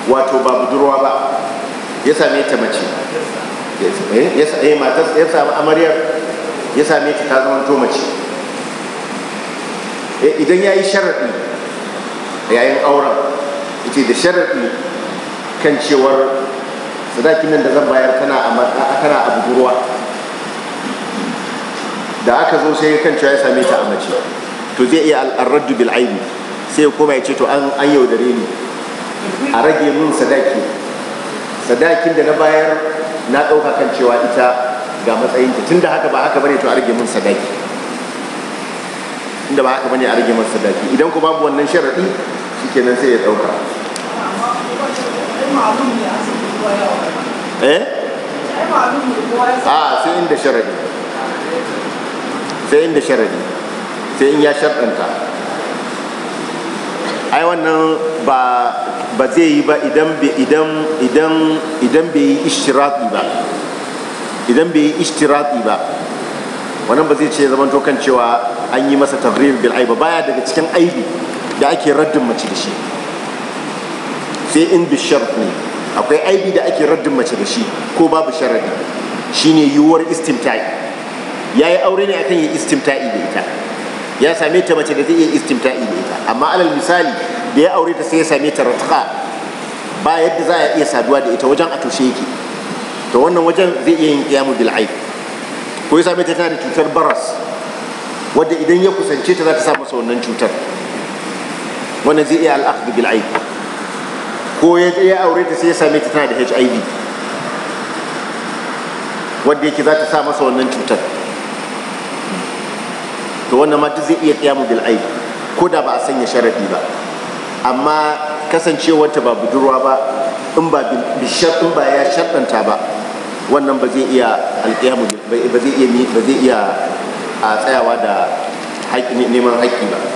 [SPEAKER 1] wato ba budurwa ba ya sami ta mace ya eh, eh, matar ya sami amaryar ya sami ta ta zama mace eh, idan ya yi sharaɗi yayin auren ita da sharaɗi kan cewar sadakin nan da zan bayar tana a a budurwa da aka zo sai kan cewa ya same ta a mace to zai iya al'arraddu bil aibi sai ya koma ya ce to an an yaudare ni a rage min sadaki sadakin da na bayar na ɗauka kan cewa ita ga matsayinta tun da haka ba haka bane to a rage min sadaki inda ba haka bane a rage min sadaki idan ku babu wannan sharaɗi shikenan sai ya ɗauka eh
[SPEAKER 2] a ah, sai
[SPEAKER 1] inda sharadi sai inda sharadi sai in ya sharɗanta ai wannan ba ba zai yi ba idan idan idan idan bai yi ishtirati ba idan bai yi ishtirati ba wannan ba zai ce zaman tokan cewa an yi masa tagrib bil aiba baya daga cikin aibi da ake raddin mace da shi sai in bi ne akwai aibi da ake raddin mace da shi ko babu sharadi shine yiwuwar istimta'i ya yi aure ne akan yi istimta'i da ita ya same ta mace da zai iya istimta'i da ita amma alal misali da ya aure ta sai ya same ta ratqa ba yadda za a iya saduwa da ita wajen a tushe yake to wannan wajen zai iya yin qiyamu bil aib ko ya same ta tana da cutar baras wadda idan ya kusance ta za ta samu masa wannan cutar wannan zai iya al'akhdhu bil aib ko ya aure ta sai ya same ta tana da hiv wadda yake za ta sa masa wannan cutar to wannan ma duk zai iya kiyamu bil aib ko da ba a sanya sharadi ba amma kasancewarta ba budurwa ba in ba in ba ya sharɗanta ba wannan ba zai iya alƙiyamu ba zai iya ba zai iya a tsayawa da neman haƙƙi ba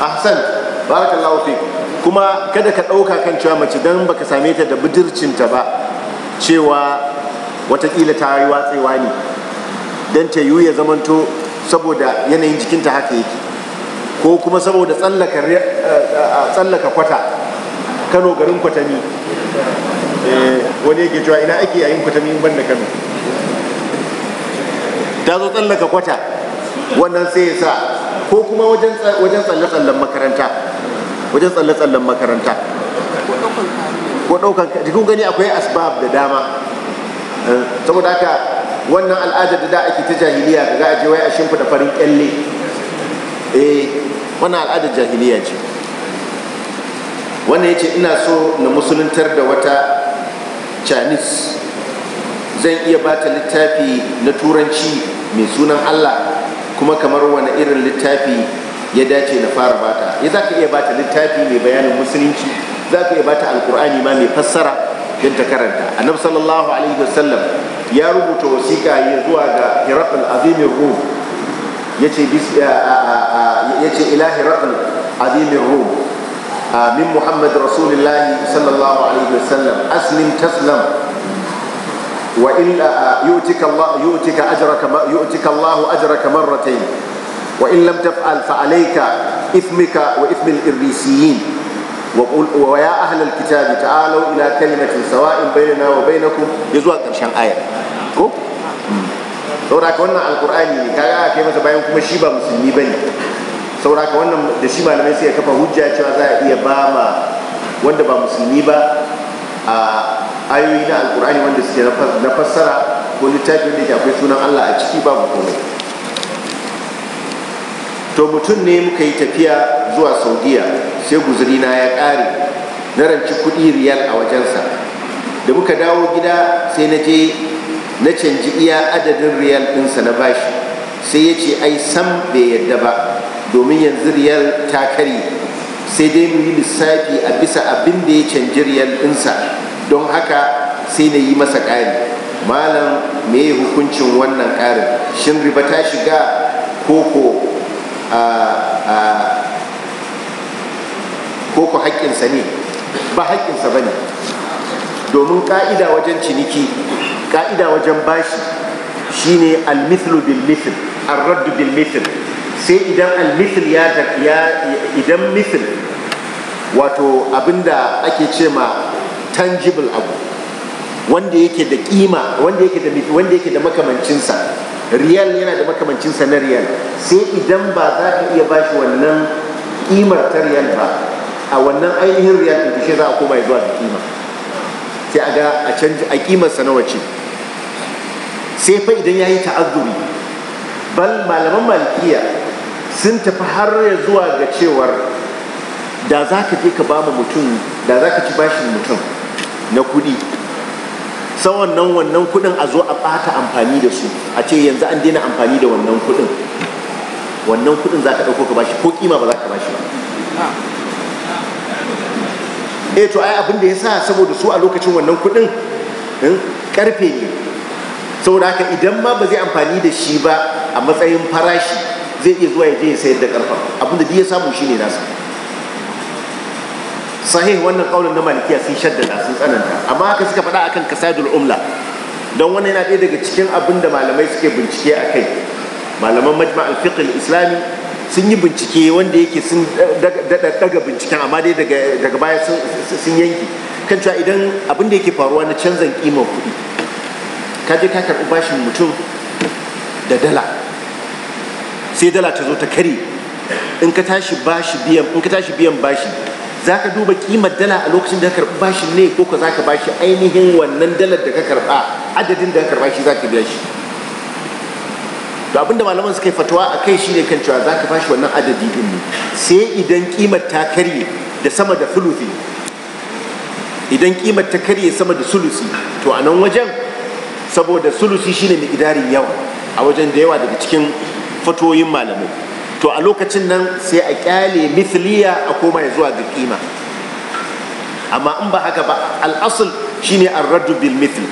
[SPEAKER 1] ahsan barakallahu fi kuma kada ka ɗauka kan cewa mace dan baka same ta da budurcin ta ba cewa watakila ta yi watsewa ne don ta yiwu ya zamanto saboda yanayin jikinta haka yake ko kuma saboda tsallaka eh, eh, kwata kano garin kwatami eh, wani yake cewa ina ake yayin kwatami ban da kano ta zo tsallaka kwata wannan sai ya sa ko kuma wajen tsalle-tsallen makaranta wajen tsalle-tsallen makaranta ko ɗaukan jikin gani akwai asbab da dama eh, saboda haka wannan al'adar da da ake ta jahiliya da za a je wai a shimfiɗa farin kyalle eh wannan al'adar jahiliya ce wannan ya ce ina so na musuluntar da wata chinese zan iya bata littafi na turanci mai sunan allah kuma kamar wani irin littafi ya dace na fara bata ya za ka iya bata littafi mai bayanin musulunci za ka iya bata alkur'ani ma mai fassara don ta karanta annabi sallallahu alaihi wasallam ya rubuta wasiƙa ya zuwa ga hirafin azimin rum ya ce ila hirafin azimin rum min muhammad rasulullahi sallallahu alaihi wasallam aslim taslam wa illa uh, yu'tika Allah yu'tika ajraka yu'tika Allah ajraka marratayn wa in lam taf'al fa alayka ithmika wa ithmil irrisiyin wa qul wa ya ahla alkitabi ta'alu ila kalimatin sawa'in zuwa karshen ayar ko hmm. saboda wannan alqur'ani ne kaga kai masa bayan kuma shi ba musulmi bane saboda ka wannan da shi malamai sai ya kafa hujja cewa za iya ba ma wanda ba musulmi ba a ayoyi na alkur'ani wanda suke na fassara ko littafi wanda ke akwai sunan Allah a ciki babu komai to mutum ne muka yi tafiya zuwa saudiya sai guzuri na ya ƙare na ranci kuɗi riyal a wajensa da muka dawo gida sai na je na canji iya adadin riyal ɗinsa na bashi sai ya ce ai sam bai yadda ba domin yanzu riyal ta karye sai dai mu yi lissafi a bisa abin da ya canji riyal ɗinsa don haka sai na yi masa ƙari malam me hukuncin wannan ƙarin shin riba ta shiga koko a koko haƙƙinsa ne ba haƙƙinsa ba ne domin ƙa'ida wajen ciniki ƙa'ida wajen bashi shine almithlu bil mithl arraddu bil mithl sai idan almithl ya idan mithl wato abinda ake ce ma tangible abu wanda yake da kima wanda yake da wanda yake da makamancinsa riyal yana da makamancinsa na riyal sai idan ba za ka iya bashi wannan kimar ta riyal ba a wannan ainihin riyal din shi za a koma zuwa da kima sai a ga a canji a kimar sa nawa ce sai fa idan yayi ta'azzuri bal malaman malikiya sun tafi har ya zuwa ga cewar da za ka je ka ba mutum da za ka ci bashin mutum na kuɗi sawan nan wannan kuɗin a zo a ɓata amfani da su a ce yanzu an daina amfani da wannan kuɗin wannan kuɗin za ka ɗauko ka bashi ko kima ba za ka bashi ba eh, to ai abin da ya sa saboda su a lokacin wannan kuɗin karfe hmm, ne saboda haka idan ma ba zai amfani da shi ba a matsayin farashi zai iya zuwa ya je ya sayar da ƙarfa abin da ya samu ne nasa sahih wannan kaulin na malikiya sun shaddada sun tsananta amma haka suka faɗa akan kasadul umla don wannan yana ɗaya daga cikin abin da malamai suke bincike a kai malaman majma al islami sun yi bincike wanda yake sun daga binciken amma dai daga baya sun yanki kan cewa idan abin da yake faruwa na canzan kimar kuɗi ka ka karɓi bashin mutum da dala sai dala ta zo ta kare in ka tashi biyan bashi za ka duba kimar dala a lokacin da ka karɓi bashin ne ko ka za ka bashi ainihin wannan dalar da ka karɓa adadin da ka karɓa shi za ka biya shi to abinda malaman suka yi fatawa a kai shi ne kan cewa za ka bashi wannan adadi din ne sai idan kimar ta karye da sama da fulufi idan kimar ta karye sama da sulusi to a nan wajen saboda sulusi shine mai idarin yawa a wajen da yawa daga cikin fatoyin malamai to a lokacin nan sai a kyale mithliya a koma zuwa ga kima amma in ba haka ba al'asul shine ar-raddu bil mithl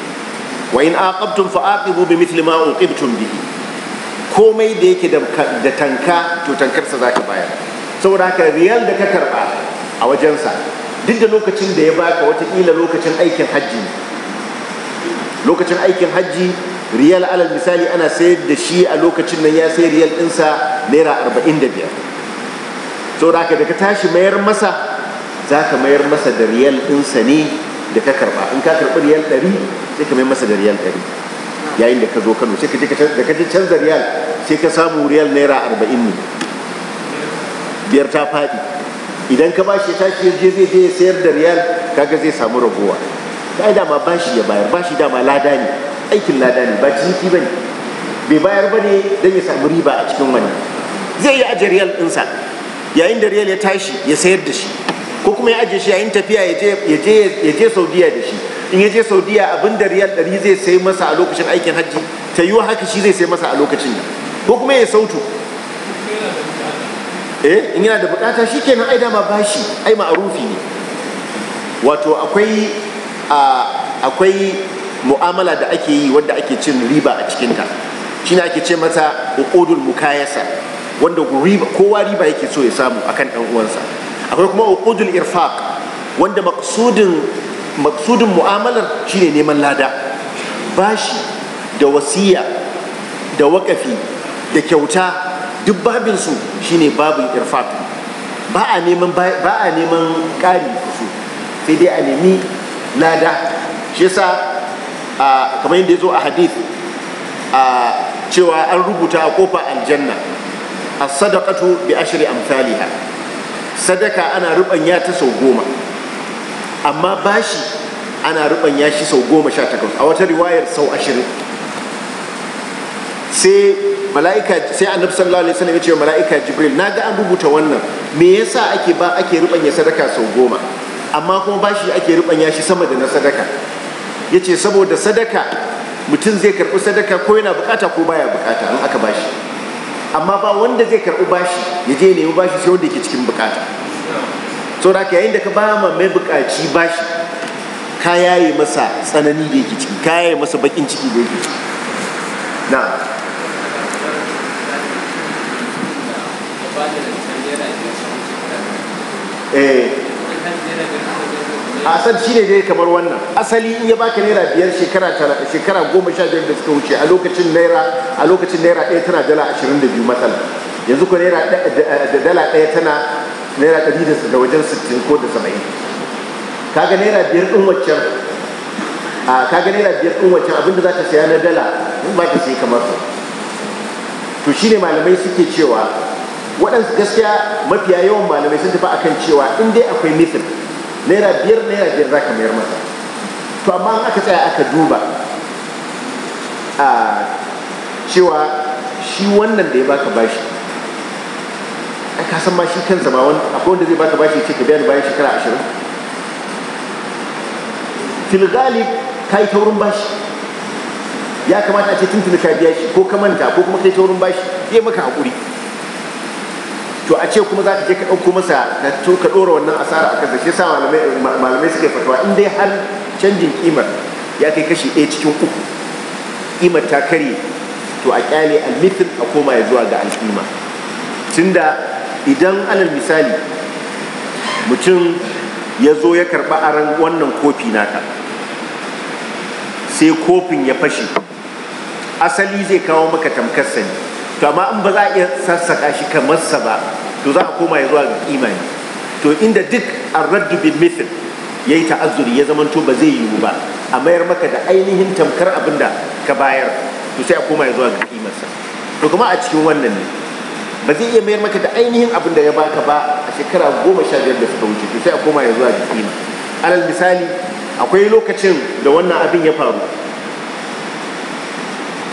[SPEAKER 1] wa in aqabtum fa aqibu bi mithli ma uqibtum bihi komai da yake da tanka to tankarsa za ka bayar saboda haka riyal da ka karba a wajensa duk da lokacin da ya baka watakila lokacin aikin hajji lokacin aikin hajji riyal alal misali ana sayar da shi a lokacin nan ya sayi riyal ɗinsa naira arba'in da biyar so da ka tashi mayar masa za ka mayar masa da riyal ɗinsa ne da ka karba in ka karɓi riyal ɗari sai ka mayar masa da riyal ɗari yayin da ka zo kano sai ka da canza riyal sai ka samu riyal naira arba'in ne biyar ta faɗi idan ka bashi ya tashi je zai je sayar da riyal kaga zai samu ragowa ai dama bashi ya bayar bashi dama lada ne aikin lada ne ba ciki ba ne bai bayar ba ne don ya samu riba a cikin wani zai yi ajiye riyal ɗinsa yayin da riyal ya tashi ya sayar da shi ko kuma ya ajiye shi yayin tafiya ya je saudiya da shi in ya je saudiya abin da riyal ɗari zai sai masa a lokacin aikin hajji ta yiwu haka shi zai sai masa a lokacin nan ko kuma ya sautu eh, in yana da bukata shi kenan ai dama bashi ai ma'arufi ne wato akwai akwai mu'amala da ake yi wadda ake cin riba a cikinta shi ne ake ce mata uqudul mukayasa wanda kowa riba yake so ya samu akan ɗan uwansa akwai kuma uqudul irfaq wanda maksudin maksudin mu'amalar shine neman lada bashi da wasiya da waƙafi da kyauta duk babinsu shine babin irfaq ba a neman ba a neman ƙari su sai dai a nemi lada shi yasa kamar yadda ya zo a hadith cewa an rubuta a kofa aljanna as-sadaqatu bi ashri amsalha sadaka ana rubanya ta sau goma amma bashi ana rubanya shi sau goma sha takwas a wata riwayar sau ashirin sai mala'ika sai annabi sallallahu alaihi wasallam ya ce mala'ika jibril na ga an rubuta wannan me yasa ake ba ake rubanya sadaka sau goma amma kuma bashi ake rubanya shi sama da na sadaka yace saboda sadaka mutum zai karɓi sadaka ko yana bukata ko baya bukata in aka bashi amma ba wanda zai karɓi bashi ya je nemi bashi sai wanda yake cikin bukata so da yayin da ka ba ma mai bukaci bashi ka yaye masa tsanani da yake ciki ka yaye masa bakin ciki da yake ciki na eh asar shi ne dai kamar wannan asali in ya baka naira biyar shekara shekara goma sha biyar da suka wuce a lokacin naira a lokacin naira ɗaya tana dala ashirin da biyu matsala yanzu ko naira da dala ɗaya tana naira ɗari da wajen sittin ko da saba'in kaga naira biyar ɗin waccan a kaga naira biyar ɗin waccan abinda za ta saya na dala in ba ka sai kamar su to shine malamai suke cewa waɗansu gaskiya mafiya yawan malamai sun tafi akan cewa in dai akwai mifin naira biyar naira biyar za ka mayar masa to amma in aka tsaya aka duba a cewa shi wannan da ya baka bashi a ka san ma shi kan zama wani akwai wanda zai baka bashi ce ka biya bayan shekara ashirin Filigali ka yi taurin bashi ya kamata a ce tun ka biya shi ko ka manta ko kuma ka yi taurin bashi zai maka haƙuri to a ce kuma za ka je ka ɗauko masa ka to ka ɗora wannan asara akan kansa shi yasa malamai suke fatawa in dai har canjin kimar ya kai kashi ɗaya cikin uku kimar ta karye to a kyale almitin a koma ya zuwa ga alkima tunda idan alal misali mutum ya zo ya karɓa aran wannan kofi naka sai kofin ya fashe asali zai kawo maka tamkar sani to amma ba za a iya sassaka shi kamar sa ba to za a koma ya zuwa ga to inda duk arraddu mithil ya yi ta'azzuri ya zamanto ba zai yiwu ba a mayar maka da ainihin tamkar abin da ka bayar to sai a koma ya zuwa ga to kuma a cikin wannan ne ba zai iya mayar maka da ainihin abin da ya baka ba a shekara goma sha biyar da suka wuce to sai a koma ya zuwa ga imani alal misali akwai lokacin da wannan abin ya faru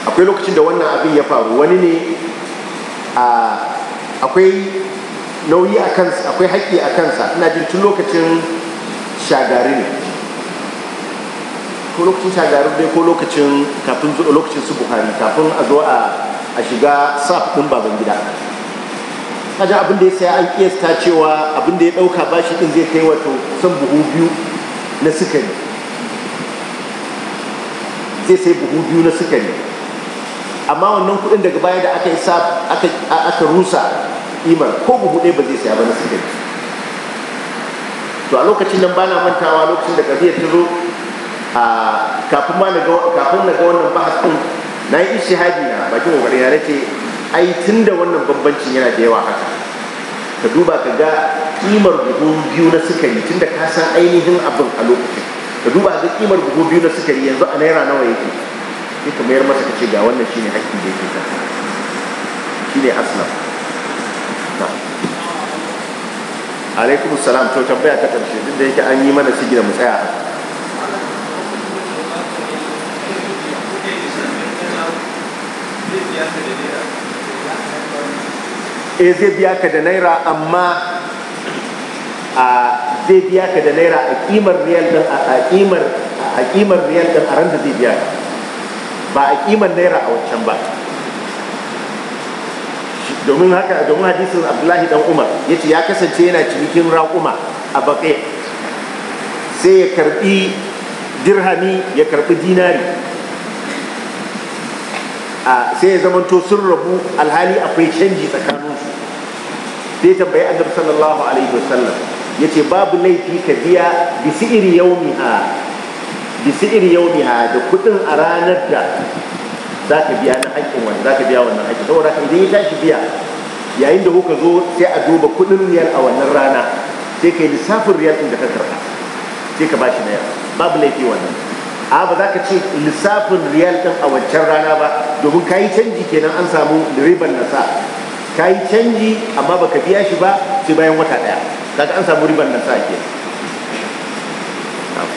[SPEAKER 1] akwai lokacin da wannan abin ya faru wani ne akwai nauyi a kansa akwai haƙƙi a kansa ina jin tun lokacin shagari ne ko lokacin shagari ne ko lokacin kafin lokacin su buhari kafin a zo a shiga saf ɗin baban gida kaji abin da ya saya an kiyasta cewa abin da ya ɗauka bashi ɗin zai kai wato kusan buhu biyu na sukari zai sai buhu biyu na sukari amma wannan kuɗin daga baya da aka yi sa aka rusa imar ko buhu ɗaya ba zai saya ba na sigar to a lokacin nan bana mantawa lokacin da kafiyar ta zo a kafin ma kafin na ga wannan bahas ɗin na yi ishihadi na bakin kokarin yare ce ai tun da wannan bambancin yana da yawa haka ka duba ka ga kimar buhu biyu na sukari da ka san ainihin abin a lokacin ka duba ga kimar buhu biyu na sukari yanzu a naira nawa yake sai ka mayar masa kace ga wannan shine hakkin da yake shi shine aslam alaikum salam to tambaya ta karshe duk da yake an yi mana sigina mu tsaya E zai biya ka da naira amma zai biya ka da naira a kimar riyal din a kimar a kimar riyal din a zai biya ka ba a kiman naira a wancan ba domin haka domin hadisin abdullahi dan umar ya ce ya kasance yana cinikin raƙuma a baƙe sai ya karɓi dirhami ya karɓi dinari sai ya zamanto sun rabu alhali akwai canji tsakaninsu sai tambayi annabi sallallahu alaihi wasallam ya ce babu laifi ka biya bisi iri a bisi'ir yaumiha da kudin a ranar da za ka biya na haƙƙin wani za ka biya wannan haƙƙin saboda haka idan ya tashi biya yayin da kuka zo sai a duba kudin riyal a wannan rana sai ka yi lissafin riyal ɗin da ka karɓa sai ka bashi yau babu laifi wannan a ba za ka ce lissafin riyal ɗin a wancan rana ba domin ka yi canji kenan an samu ribar nasa ka yi canji amma baka biya shi ba sai bayan wata ɗaya kaga an samu ribar nasa kenan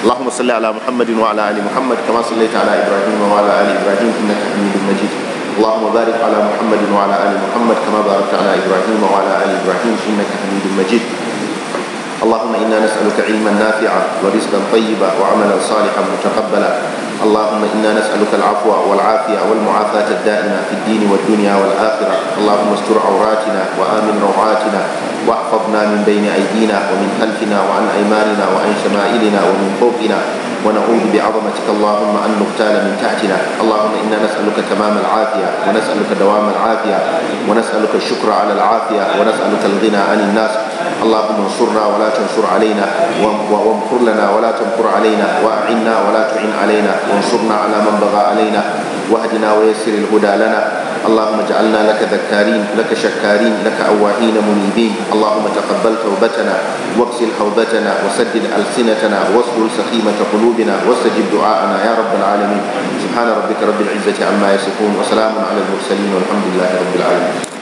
[SPEAKER 1] اللهم صل على محمد وعلى ال محمد كما صليت على
[SPEAKER 2] ابراهيم وعلى ال ابراهيم انك حميد مجيد اللهم بارك على محمد وعلى ال محمد كما باركت على ابراهيم وعلى ال ابراهيم انك حميد مجيد اللهم انا نسالك علما نافعا ورزقا طيبا وعملا صالحا متقبلا اللهم إنا نسألك العفو والعافية والمعافاة الدائمة في الدين والدنيا والآخرة اللهم استر عوراتنا وآمن روعاتنا واحفظنا من بين أيدينا ومن خلفنا وعن أيماننا وعن شمائلنا ومن فوقنا ونعوذ بعظمتك اللهم أن نغتال من تحتنا اللهم إنا نسألك تمام العافية ونسألك دوام العافية ونسألك الشكر على العافية ونسألك الغنى عن الناس اللهم انصرنا ولا تنصر علينا وامكر لنا ولا تمكر علينا وأعنا ولا تعن علينا وانصرنا على من بغى علينا واهدنا ويسر الهدى لنا اللهم اجعلنا لك ذكارين لك شكارين لك أواهين منيبين اللهم تقبل توبتنا واغسل حوبتنا وسدد ألسنتنا واصبر سخيمة قلوبنا واستجب دعاءنا يا رب العالمين سبحان ربك رب العزة عما يصفون وسلام على المرسلين والحمد لله رب العالمين